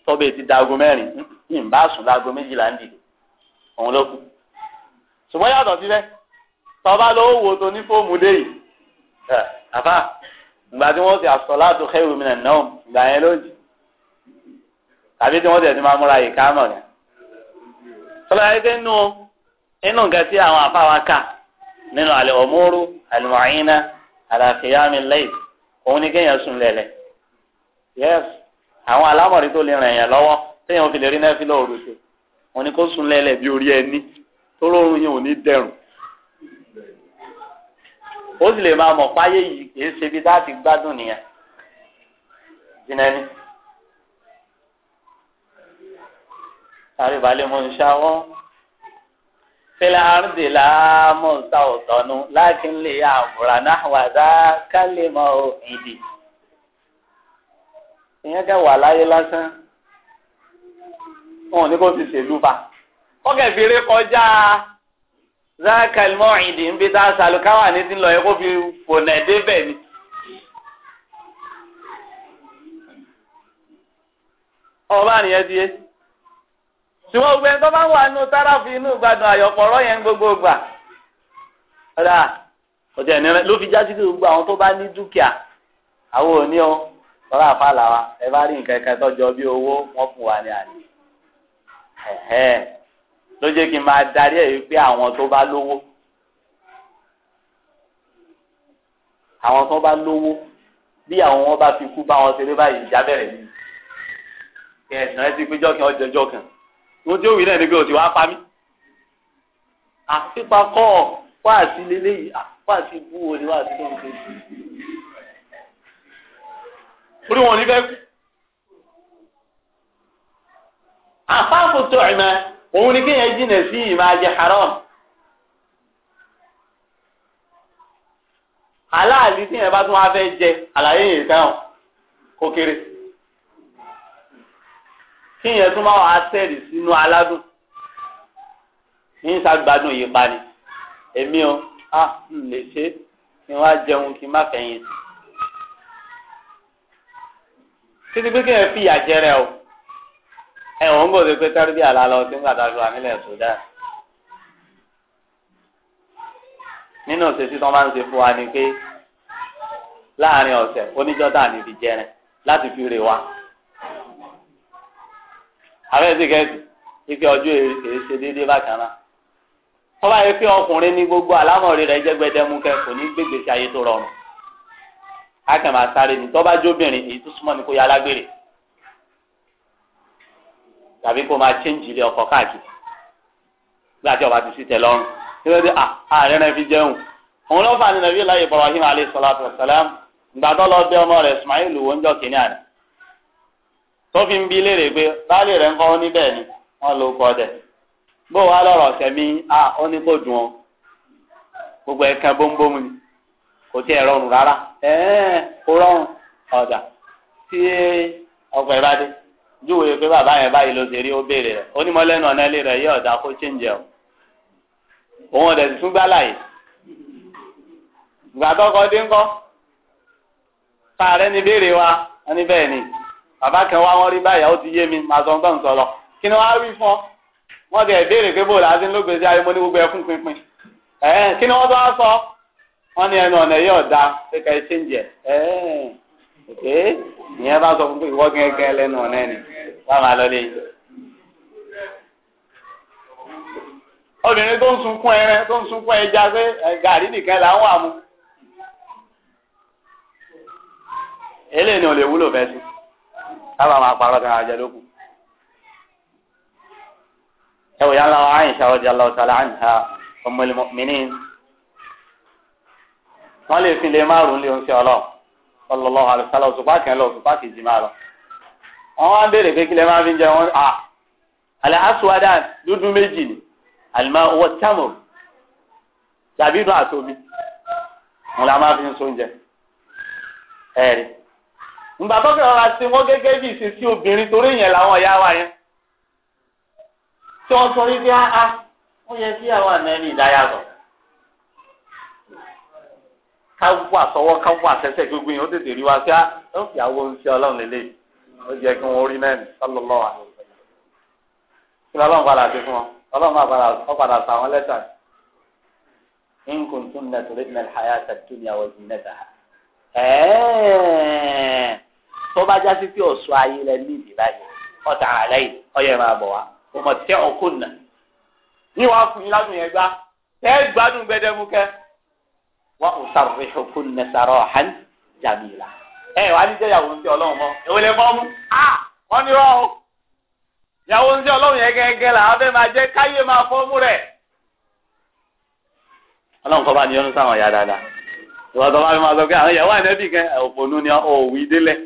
tọ́bẹ̀ ti dago mẹ́rin ń bá sùn lágo méjìlá ń dìde òun ló kù ṣùgbọ́n yàtọ̀ síbẹ̀ tọba lọ́wọ́ wo tó ní fóòmù dé yìí àfà ìgbà tí wọ́n ti as-salatu khairu minan ìgbà yẹn ló tàbí tí wọ́n ti ẹ̀ máa múra yìí ká mọ̀ yẹn tọ́lá yẹ kí nù inú nǹkan tí àwọn afáwa kà nínú àlẹ́ ọ̀mọ́rú àlùmọ̀ọ́yìnà àlàfíàmì lẹ́yìn òun ni kéèyàn sùn lẹ̀lẹ̀ yes àwọn alámọ̀rí tó lè ràn yàn lọ́wọ́ téèyàn fi lè rí náà fi lọ́ọ́ rúṣe òun ni kó sùn lẹ̀lẹ̀ bí orí ẹni tó rọrùn yẹn ò ní dẹrùn ó sì lè máa mọ̀ páyé yìí kì í ṣe bí láti gbádùn nìyẹn jìnnà ni. sáré balẹ̀ mọ́ ṣáwọ́ fẹ́lẹ́ àrùndì láàmú sáwọ́tọ́nu láti ń lè àmúra náà wà dá kálí mọ́ ìdì. ìyẹn kẹ́ wà láyé lásán wọn ò ní kó fi ṣèlú fa kọ́kẹ́ fi rí kọjá zákàlì ìdì ń bí tá a ṣàlùkáwà ní ti ń lọ yẹ kó fi fònà débẹ̀ ni. ọba nìyẹn ti yé ṣùgbọ́n gbogbo ẹni tó bá wà nínú táráfù inú gbádùn àyọ̀pọ̀rọ̀ yẹn gbogbo gbà. ọ̀dà ọ̀dà ẹ̀ní ló fi jásí pé gbogbo àwọn tó bá ní dúkìá àwọn ò o tọ́lá àfàlà wa ẹ bá rí nǹkan kan tọ́jọ́ bí owó wọ́n fún wa ní àná. ló jẹ́ kí n máa darí ẹ̀ wípé àwọn tó bá lówó àwọn tó bá lówó bí àwọn wọn bá fi kú bá wọn ṣeré báyìí ìjà bẹ̀rẹ̀ ni ẹ̀sìn rẹ ti péjọ́ kan ọjọ́jọ́ kan mo tí ó wí náà ni pé o ti wá pa mí. àfipá kọ́ ọ wá sí leléyìí wá sí bú o ni wá sí tó ń pè. orí wọn ní fẹ́ kú. àfáàfù tó ìmọ̀ òun ni kéèyàn jìnnà sí ìmọ̀ ajé haram. aláàlí tí yẹn bá tún wá fẹ́ jẹ àlàyé yìí dáhùn kó kéré kíyẹn tún máa wà sẹ́ẹ̀lì sínú aládùn yín ṣàgbádùn yìí pani èmi o a n lè ṣe kí n wá jẹun kí n má fẹ̀yìn sí. títí pé kíyẹn fi ìyà jẹrẹ o ẹ̀wọ̀n ń bò ṣe pé tẹ́rù bí àlá lọ sí ń gbàdá ṣọ àmìlẹ̀ Sudan. nínú òṣèṣì tó máa ń ṣe fún wa ni pé láàrin ọ̀sẹ̀ oníjọ́ tà ní jẹrin láti fi rè wa. àbẹ́ ti kẹ́ẹ̀tì ike ọjọ́ èyí ṣe déédéé bákan náà tọ́ba yìí alamori ọkùnrin ní gbogbo àlámọ̀rí rẹ̀ jẹ́ gbẹdẹmukẹ kò ní gbégbèsè ayé tó rọrùn akẹ́ sáré ní tọ́ba jóbìnrin èyí tó súnmọ́ ni kó yá lágbèrè tàbí kó máa chéǹjì ilé ọkọ̀ káàkiri gbà tí ọba ti sí tẹ lọ́rùn nígbà fi jẹun òun alayhi salatu wa salam gbàdọ́ lọ bẹ ọmọ tó fi ń bi léèrè pé báàlì rẹ̀ ń kọ́ níbẹ̀ ni wọ́n ló kọ́ dẹ̀ bó wàá lọ́rọ̀ ọ̀sẹ̀ mi à ó ní kò dùn ọ́ gbogbo ẹ̀ka bóńbóń ni kò tiẹ̀ rọrùn rárá ẹ̀ẹ́n kò rọrùn ọ̀dà tí ọkọ̀ ẹ̀ bá dé júwèé pé bàbá yẹn báyìí ló ṣe rí ó béèrè rẹ̀ onímọ̀lẹ́nu ọ̀nà ilé rẹ̀ yé ọ̀dà kó ṣéǹjẹ̀ o òun ọ̀dẹ̀ sì gbá láàyè ìgbà tọkọ dé ńkọ́ tá béèrè wa wọ́n ní bẹ́ẹ̀ ni bàbá kan wá wọn rí báyà ó ti yé mi màá sọ nǹkan sọlọ kí ni wọ́n á wí fún ọ wọ́n ti ẹbéèrè pé bò láti ń lóògbé ayé mo ní gbogbo ẹkún pinpin ẹẹ kí ni wọ́n tó sọ wọ́n ní ẹnu ọ̀nà yóò da pé ká ẹẹ òkè ìyẹn bá sọ fún pé ìwọ gẹ́gẹ́ lẹ́nu ọ̀nà ẹni wọ́n máa lọ léyìn. obìnrin tó ń sunkún ẹran tó ń sunkún ẹja pé gàrí nìkan là ń wà mu eléyìí ni ò lè wúlò bẹ́ẹ̀ sí sábà máa parọ́ kan àjẹ lókù. ẹ wòye aláwọ àyìnṣà ọjà aláwọsálà àyìnṣà ọmọlẹmọmìnì wọn lè fi lè márùn lé oúnjẹ ọlọ ọlọlọ àlùsálà òṣùpá kẹ lọ òṣùpá kejì máa lọ wọn wá ń béèrè pé kí lè máa fi jẹ wọn à àlẹ àsùwádà dúdú méjì ni àlùmọ owó támù dàbí inú àtòmí wọn la máa fi ń so oúnjẹ ẹ rí ǹgbà tó kẹ́ ọ̀rọ̀ àti wọ́n gẹ́gẹ́ bí ìṣesí obìnrin torí yẹn làwọn ọ̀yá wa yẹn tí wọ́n sọ wípé áá ah, wọ́n ah, yẹ kí àwọn àmẹ́rin ìdáyàtọ̀ ká wú àtọwọ́ ká wú gbogbo yẹn ó tètè rí wa sí á ah, ó fi àwọn ohun ọlọ́run lélẹ̀ ó jẹ́ kí wọ́n rí náà ní sálọ́lọ́ wa kí lọ́lọ́run padà sí fún wọn ọlọ́run padà ọ padà sọ àwọn lẹ́tà in kuntunna turidna tó bá jásí ayé rẹ níbi báyìí ọ̀tà àlẹ́yìn ọ̀yẹ̀ máa bọ̀ wá mo mọ̀ tẹ́ ọkùn nà ní wàá fún yín ládùn yẹn gbá tẹ́ gbádùn gbẹdẹmukẹ́ kò nà ẹ wàá ní jẹ́yàwó ń tẹ́ ọlọ́run mọ́ èwo a o ń yẹn máa káyé máa bá ní sáwọn dáadáa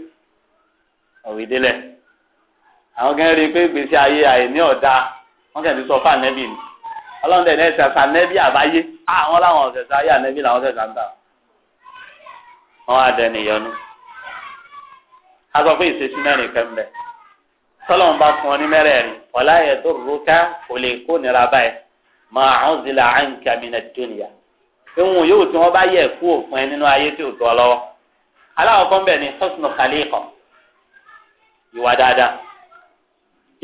òwìdílẹ̀ àwọn kan rí i pé gbèsè ayé àìní ọ̀dà wọ́n kàn ti sọ fún ànẹ́bì ni ọlọ́run dẹ̀ ní ẹ̀sẹ̀ sànẹ́bì àbáyé àwọn làwọn ọ̀sẹ̀ sáyé ànẹ́bì làwọn ọ̀sẹ̀ sàǹtà wọn á dẹni yọnu a sọ pé ìṣesí mẹ́rin kan bẹ̀ tọ́lọ̀ ń bá fún ọ ní mẹ́rẹ̀ẹ̀rin ọ̀la yẹn tó rúkà kò lè kó nira báyìí máa àwọn zìlà àǹkà mi nà dúnìyà ìwọ̀n yóò tí wọ́n bá yẹ kú òfin nínú ayé tí ò tọ́ lọ́wọ́ aláwọ̀ kan bẹ̀ ni hosùn kàlíkàn ìwà dáadáa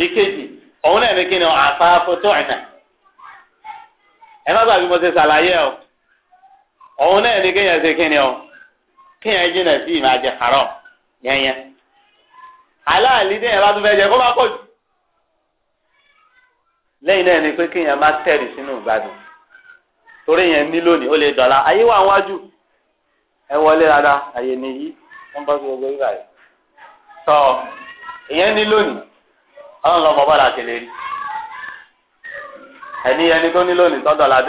ìkejì òun náà ní kí ni àfáàfó tó ẹ̀nà ẹ má gbàgbé mo ṣe ṣàlàyé o òun náà ní kéèyàn ṣe kí ni o kéèyàn jìnnà sí ìmọ̀ àjẹ yẹnyẹn aláàlí déèyàn bá tún fẹ́ jẹ kó má pọ̀ jù lẹ́yìn náà ni pé kéèyàn má tẹ̀rì sínú ìgbádùn torí yẹn ní lónìí ó lè dọ̀la ayé wà ẹ wọlé rárá àyè nìyí wọ́n bá gbogbo yìí tọ́ ìyẹn ní lónìí ọlọ́run bọ́dà rí ẹni ẹni tó ní lónìí tọ́jọ́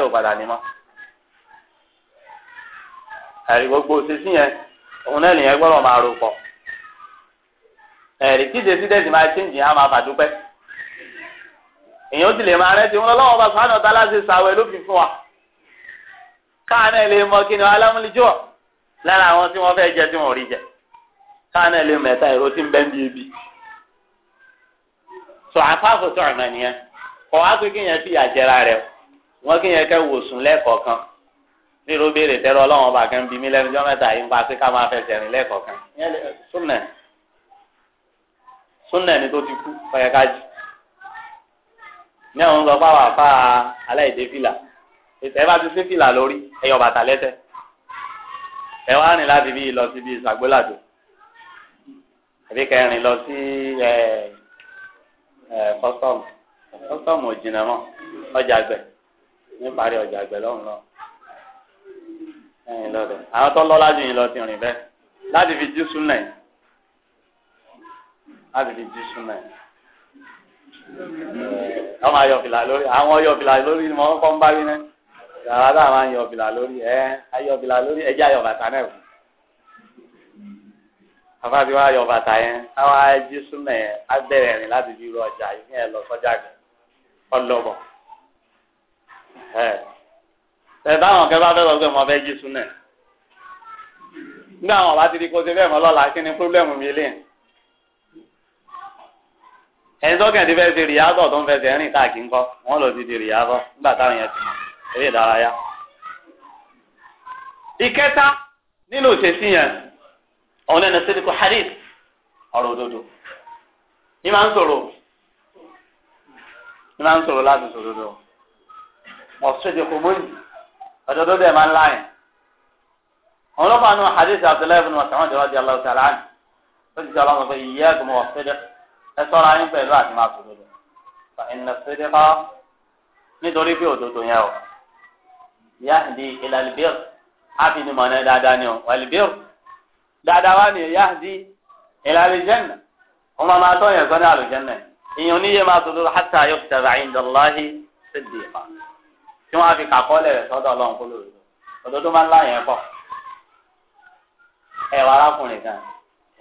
gbogbo òṣèṣì yẹn òun náà nìyẹn gbọ́dọ̀ máa ro pọ̀ ẹ̀rí máa ṣéǹjì á máa fàdúpẹ́ lè máa lọ́wọ́ bá lófin fún wa lè mọ kí ni alámúlijọ́ lára àwọn tí wọ́n fẹ́ jẹ tí wọ́n rí jẹ ebi. sọ àfáàfò sọ ọ̀nà nìyẹn pé kéèyàn fi àjẹrà rẹ wọn kéèyàn kẹ wò sùn lẹ́ẹ̀kọ̀ọ̀kan nírú béèrè tẹrọ Ọlọ́run ọba kan bí mí lẹ́nu jọ mẹ́ta yìí ń pa pé ká máa fẹsẹ̀ rìn lẹ́ẹ̀kọ̀ọ̀kan súnà súnà ni tó ti kú ọyẹ ká jù ní àwọn ń sọ fáwọn àfa aláìdé fìlà ètò ẹ bá ti dé fìlà lórí ẹyọ bàtà lẹ́sẹ̀ ẹ wá rìn láti bí lọ síbi ìsàgbélàdò àbí kẹrin lọ sí ẹ kọ́sọ́mù kọ́sọ́mù ò jìnnà mọ́ ọjà àgbẹ̀ níparí ọjà àgbẹ̀ lọ́hùn náà ẹ̀yìn lọ́dọ̀ àwọn tó lọ́lá jù yín lọ ti rìn bẹ́ẹ̀ láti fi jí súnà yìí láti fi jí súnà yìí ọmọ ayọ̀fìlà lórí àwọn ayọ̀fìlà lórí ni mo kọ́ ń bá wí náà yàrá táwọn ayọ̀fìlà lórí ẹ ayọ̀fìlà lórí ẹjẹ́ ayọ̀bàtà náà àfáàbí wa yọ bàtà yẹn káwa jí súnmọ́ yẹn á bẹ̀rẹ̀ rìn láti bí irú ọjà yìí yẹn lọ sọ́jà gbẹ̀ ọlọ́bọ̀ ẹ báwọn kẹ bá fẹ́ lọ pé mo fẹ́ jí súnmọ́ yẹn nígbà àwọn bá ti di kó ṣe bẹ́ẹ̀ mọ́ lọ́la kí ni pírọ́blẹ́mù mi lè ẹni tó kàn fẹ́ ṣe rìyábọ̀ tó ń fẹsẹ̀ rìn káàkiri ńkọ́ wọ́n lọ ti di rìyábọ̀ nígbà táwọn yẹn ti mọ̀ eré ìdárayá. ìkẹta nínú òṣèṣì yẹn ọ̀nà ẹ̀nà sídìkù hadith ọ̀rọ̀ òdodo ní máa ń sọ̀rọ̀ ní máa ń sọ̀rọ̀ láti sọ̀rọ̀ òdodo mọ̀ sídìkù mọ́nì ọ̀dọ́dọ́ bẹ́ẹ̀ máa ń láyìn àwọn ọlọ́pàá nù hadith abdullahi ibn Mas'ud radiyallahu ta'ala anhu ó ti sọ̀rọ̀ wọn pé ìyá ẹ̀gbọ́n mọ̀ sídìk ẹ sọ́ra yín pẹ̀lú àti máa sọ̀rọ̀ òdodo fa ẹ̀nà sídìkù nítorí pé òdodo yẹn o yahdi ila albir áfi ni mọ̀ náà dáadáa ni o albir dáadáa wá nìyẹn yahdi ila aljanna wọn máa máa tọ́yìn ẹ̀sán ní aljanna ìyẹn oníyẹ máa tó lórí hàtà yóò fi tẹ̀lé àyìn dọ̀láhì sídìí ìfà tí wọ́n á fi kàkọ́lẹ̀ rẹ̀ sọ́dọ̀ ọlọ́run kó lórí òdodo máa ń láyẹn pọ̀ ẹ̀ wà arákùnrin kan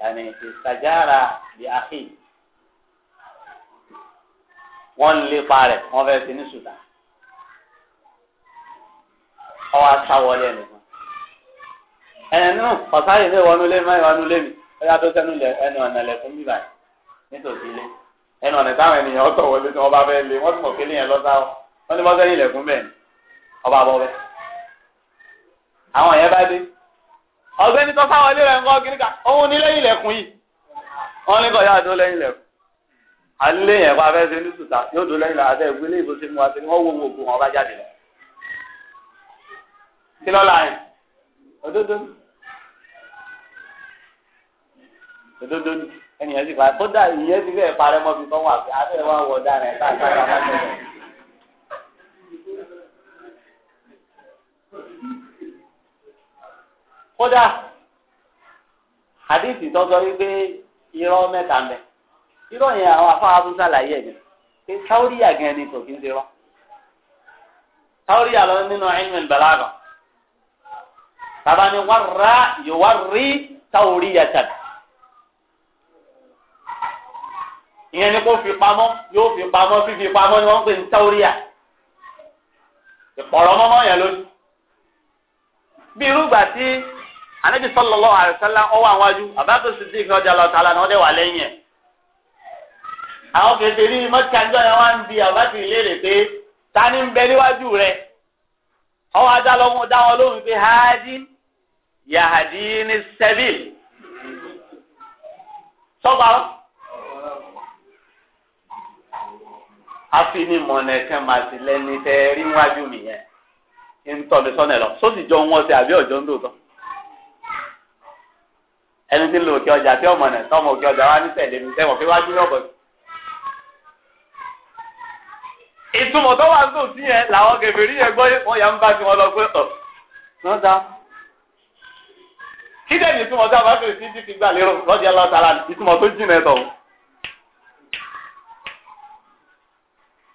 yàní ìsàjára di àkì wọ́n lé pa rẹ̀ wọ́n fẹ́ fi ní sùdà ọwọ́ asáwọlé ni ẹnu ọ̀sáyè lè wọnú lé má wọnú lé mi ọ̀yà tó sẹ́nu lẹ ẹnu ọ̀nà lẹ fún bíbá yìí nítòsí ilé ẹnu ọ̀nà táwọn ènìyàn ọ̀tọ̀ wọlé tí wọ́n bá fẹ́ lé wọ́n sì mọ̀ kéle yẹn lọ́sáwọ́ wọ́n ní bọ́sẹ́ ilẹ̀ fún bẹ́ẹ̀ ọba bọ́ bẹ́ẹ̀. àwọn yẹn bá dé ọ̀gbẹ́ni tó sáwọ́ ilé rẹ̀ ń kọ́ òun ní lẹ́yìn ilẹ̀kùn yìí wọ́n ní kọ́ òdodo ni ẹnìyẹn sì pa kódà ìyẹn ti fẹ́ẹ̀ parẹ́ mọ́ fi tán wà pé abẹ́rẹ́ wà wọ dára ẹ̀ táà sára máa tẹ̀lé. kódà àdìsí tọ́jọ́ wípé irọ́ mẹ́ta ń bẹ irọ́ yẹn àwọn afáwọn abúlé àlàyé ẹ̀jẹ̀ pé sáwóríyà gan ni kò kí ń ṣe rọ́ sáwóríyà lọ nínú ẹ̀yìn ìbẹ̀lágàn bàbá ni wàrà yòówà rí sáwóríyà tàbí. ìyẹn ni kó fi pamọ́ yóò fi pamọ́ fífi pamọ́ ni wọ́n ń pè ní táwóríà ìpọ̀rọ̀ mọ́mọ́ yẹn lónìí. bí irú ìgbà tí anabi sallallahu alaihi wasallam ọwọ́ àwọn ajú àbáko Siddiq ọjà lọ tààlà náà dẹ̀ wà lẹ́yìn àwọn kèsè rí mọ́tí yẹn wá ń di àbáko ìlérè pé ta ni ń bẹ níwájú rẹ ọwọ́ ajá lọ́wọ́ lóhùn pé háàdì yahadi ní sẹ́bìl sọ́gbà afinimọ̀nà ẹ̀kẹ́ máa ti lẹ́ni tẹ́ rí wájú mi yẹn ń tọ́ni sọ́nà lọ sósì jọ wọn ṣe àbí ọ̀jọ́ ń dòótọ́ ẹni tí ń lo òkè ọjà tí ọmọ náà tọmọ òkè ọjà wa ní tẹ̀lé mi tẹ́wọ̀n pé wájú náà bọ̀ sí. ìtumọ̀ tó wà ń tò sí yẹn làwọn kèfèrí yẹn gbọ́ wọn yà ń bá tiwọn lọ pé ọ̀ náà dá kí dẹ́ni ìtumọ̀ tó àbáfẹ́ sí ti fi gbà lérò lọ́dí aláta ìtumọ̀ tó jìnnà ẹ̀ tọ̀hún.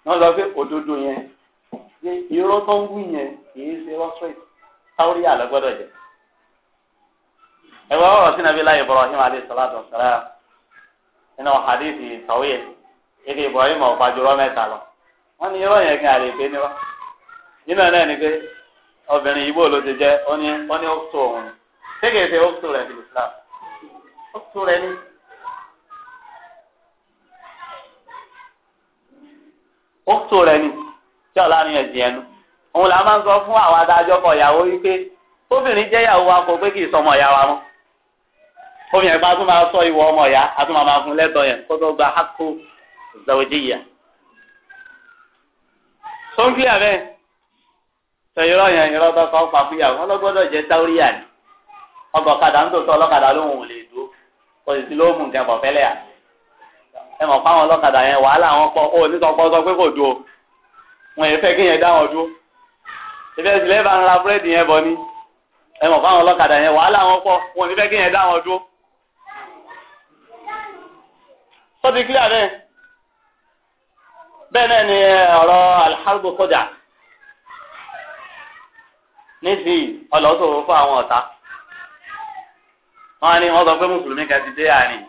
wọ́n sọ pé òdodo yẹn ṣé irọ́ tó ń wí yẹn kìí ṣe rọ́ṣẹ́ táwọ́rì àlọ́gbọ́dọ̀ jẹ. ẹ̀wọ́n ọ̀rọ̀ sí nàbí láyé Ibrahim alayhi salatu wa salam mẹ́ta lọ wọ́n ní irọ́ yẹn kí pé náà ni pé ló ti jẹ́ ó ní ó ní ó tó òun ṣé ṣe ó tó rẹ̀ òkútó rẹ ni tí ọ̀la ni ẹ̀sìn ẹnu òun là máa ń sọ fún àwọn adájọ́ kọ ìyàwó wípé obìnrin jẹ ìyàwó wa kò pé kì í sọmọ ìyá wa mọ́ obìnrin bá máa sọ ìwọ ọmọ ìyá a tún máa máa fún lẹ́tọ̀ yẹn kó tó gba tó ń kílíà bẹ́ẹ̀ tó irọ́ yẹn irọ́ tó kọ́ pa wọn jẹ́ ni ẹ mọ̀ fáwọn ọlọ́kadà yẹn wàhálà wọn pọ̀ ó onítọ̀pọ̀ sọ pé kò dúró wọn yẹn fẹ́ kéèyàn dá wọn dúró ìfẹ́ sílẹ̀ bá ń ra búrẹ́dì yẹn bọ̀ ni ẹ mọ̀ fáwọn ọlọ́kadà yẹn wàhálà wọn pọ̀ wọn ò ní fẹ́ kéèyàn dá wọn dúró. sọ ti kílíà bẹ́ẹ̀ bẹ́ẹ̀ náà ni ọ̀rọ̀ alḥarbu sọ́jà nísìnyí ọlọ́sọ̀rọ̀ fún àwọn ọ̀tá wọn ni wọ́n sọ pé mùsùlùmí kan ti dé àárín yìí.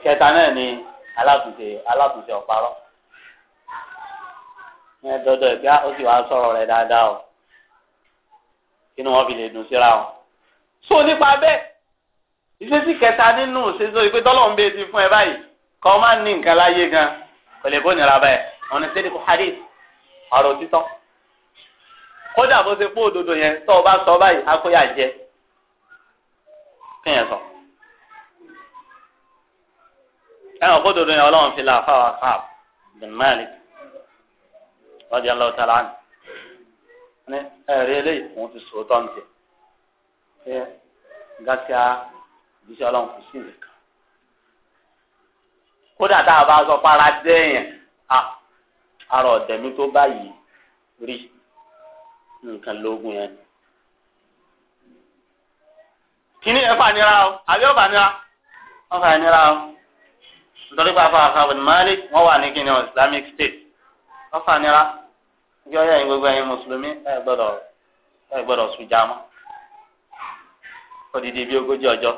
ìkẹta náà ni alátùnṣe alátùnṣe ọ̀parọ́ yẹn dọdọ ẹ̀ bíá ó sì wá sọ̀rọ̀ rẹ̀ dáadáa o kí ni wọ́n fi lè dùn síra o. so nípa bẹ́ẹ̀ ìṣesí kẹta nínú ṣèṣọ ìpè tọ́lọ́run bẹ́ẹ̀ ti fún ẹ báyìí kọ́ máa ń ní nǹkan láyé gan kò lè bó nira báyìí ọ̀nà sẹ́díkù hadith ọ̀rọ̀ òtítọ́ kódà bó ṣe pọ́ òdodo yẹn tó o bá sọ báyìí á kó yà jẹ kéèyàn sọ ẹ̀wọ̀n kó dodo yẹn ọlọ́run fi là fáwọn Ka'b bin Malik radiyallahu ta'ala anhu ní ẹ̀rí eléyìí òun ti sòótọ́ ní tiẹ̀ ṣé gàtíà ìdíṣẹ́ ọlọ́run kò sí nìkan kódà tá a bá sọ para dẹ́yìn a ara ọ̀dẹ̀mí tó báyìí rí nǹkan lóògùn yẹn. kíní ẹ̀fà nira o àbí ọ̀fà nira ọ̀fà nira o nítorí pé àfáà àfáà bin Malik wọ́n wà ní kíni Islamic State wọ́n fanira kí ọ̀yà yín gbogbo ẹ̀yin mùsùlùmí ẹ̀ gbọ́dọ̀ sùn odidi ogójì ọjọ́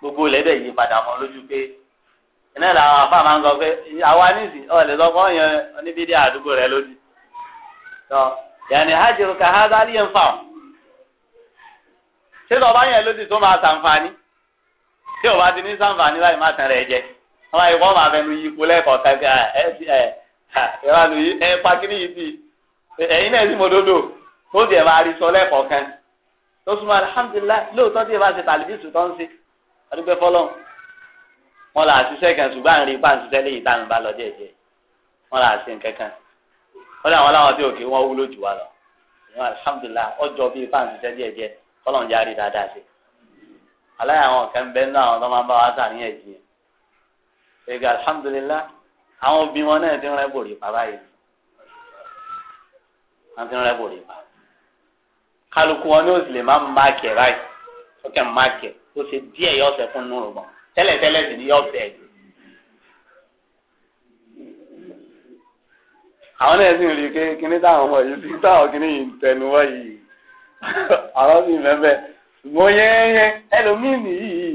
gbogbo lẹ́dẹ̀ yìí padà mọ́ lójú pé iná làwọn àfáà máa ń sọ pé àwa àdúgbò rẹ hajj fà ọ́ ṣé lọ́ba yẹn lódì tó máa tí o bá ti ní sànfàní láì má tẹ̀ rẹ̀ jẹ àwọn ìwọ máa fẹnu yí ipò lẹ́kọ̀ọ́ kẹfì ẹ ẹ ìranu yìí ẹ pàkínní yìí ti ẹ̀yin náà sì mọ dodo tó tiẹ̀ máa rí sọ lẹ́kọ̀ọ́ kan tó súnmọ́ alihamudulilayi lóòótọ́ tí ẹ bá ṣe tàlíbí sùtọ́ ń ṣe adúgbò fọlọ́ wọn là á ṣiṣẹ́ kan ṣùgbọ́n àrùn ipá ń ṣiṣẹ́ léyìí tá bá lọ díẹ̀ díẹ̀ wọn là á ṣe nǹkan wọn làwọn láwọn tí òkè wọn wúlò jù wá lọ alihamudulilayi ọjọ́ bíi ipá ń ṣiṣẹ́ díẹ̀ díẹ̀ fọlọ́ ń dáadáa ṣe aláya àwọn kan bẹ́ẹ̀ náà àwọn tó máa bá wa tà ní ẹ̀jìn yẹn ẹ̀gà alhamdulillah àwọn òbí wọn náà ti ń rẹ́ bòrè pa báyìí wọ́n ti ń rẹ́ bòrè pa kálukú wọn ní òsì lè má máàkì ẹ̀ báyìí ọkẹ́ máàkì ẹ̀ ó ṣe díẹ̀ yọ ọ̀sẹ̀ fún nùrù gbọ̀n tẹ́lẹ̀tẹ́lẹ̀ sì ni yọ ọ̀sẹ̀ ẹ̀jẹ̀ àwọn náà sì ń rí i pé kíní táwọn ọmọ yìí sí táwọn kíní yìí ń tẹnu wọ́ yìí àwọn sì ń fẹ́ bẹ́ẹ̀ ṣùgbọ́n yẹn yẹn ẹlòmíì nìyí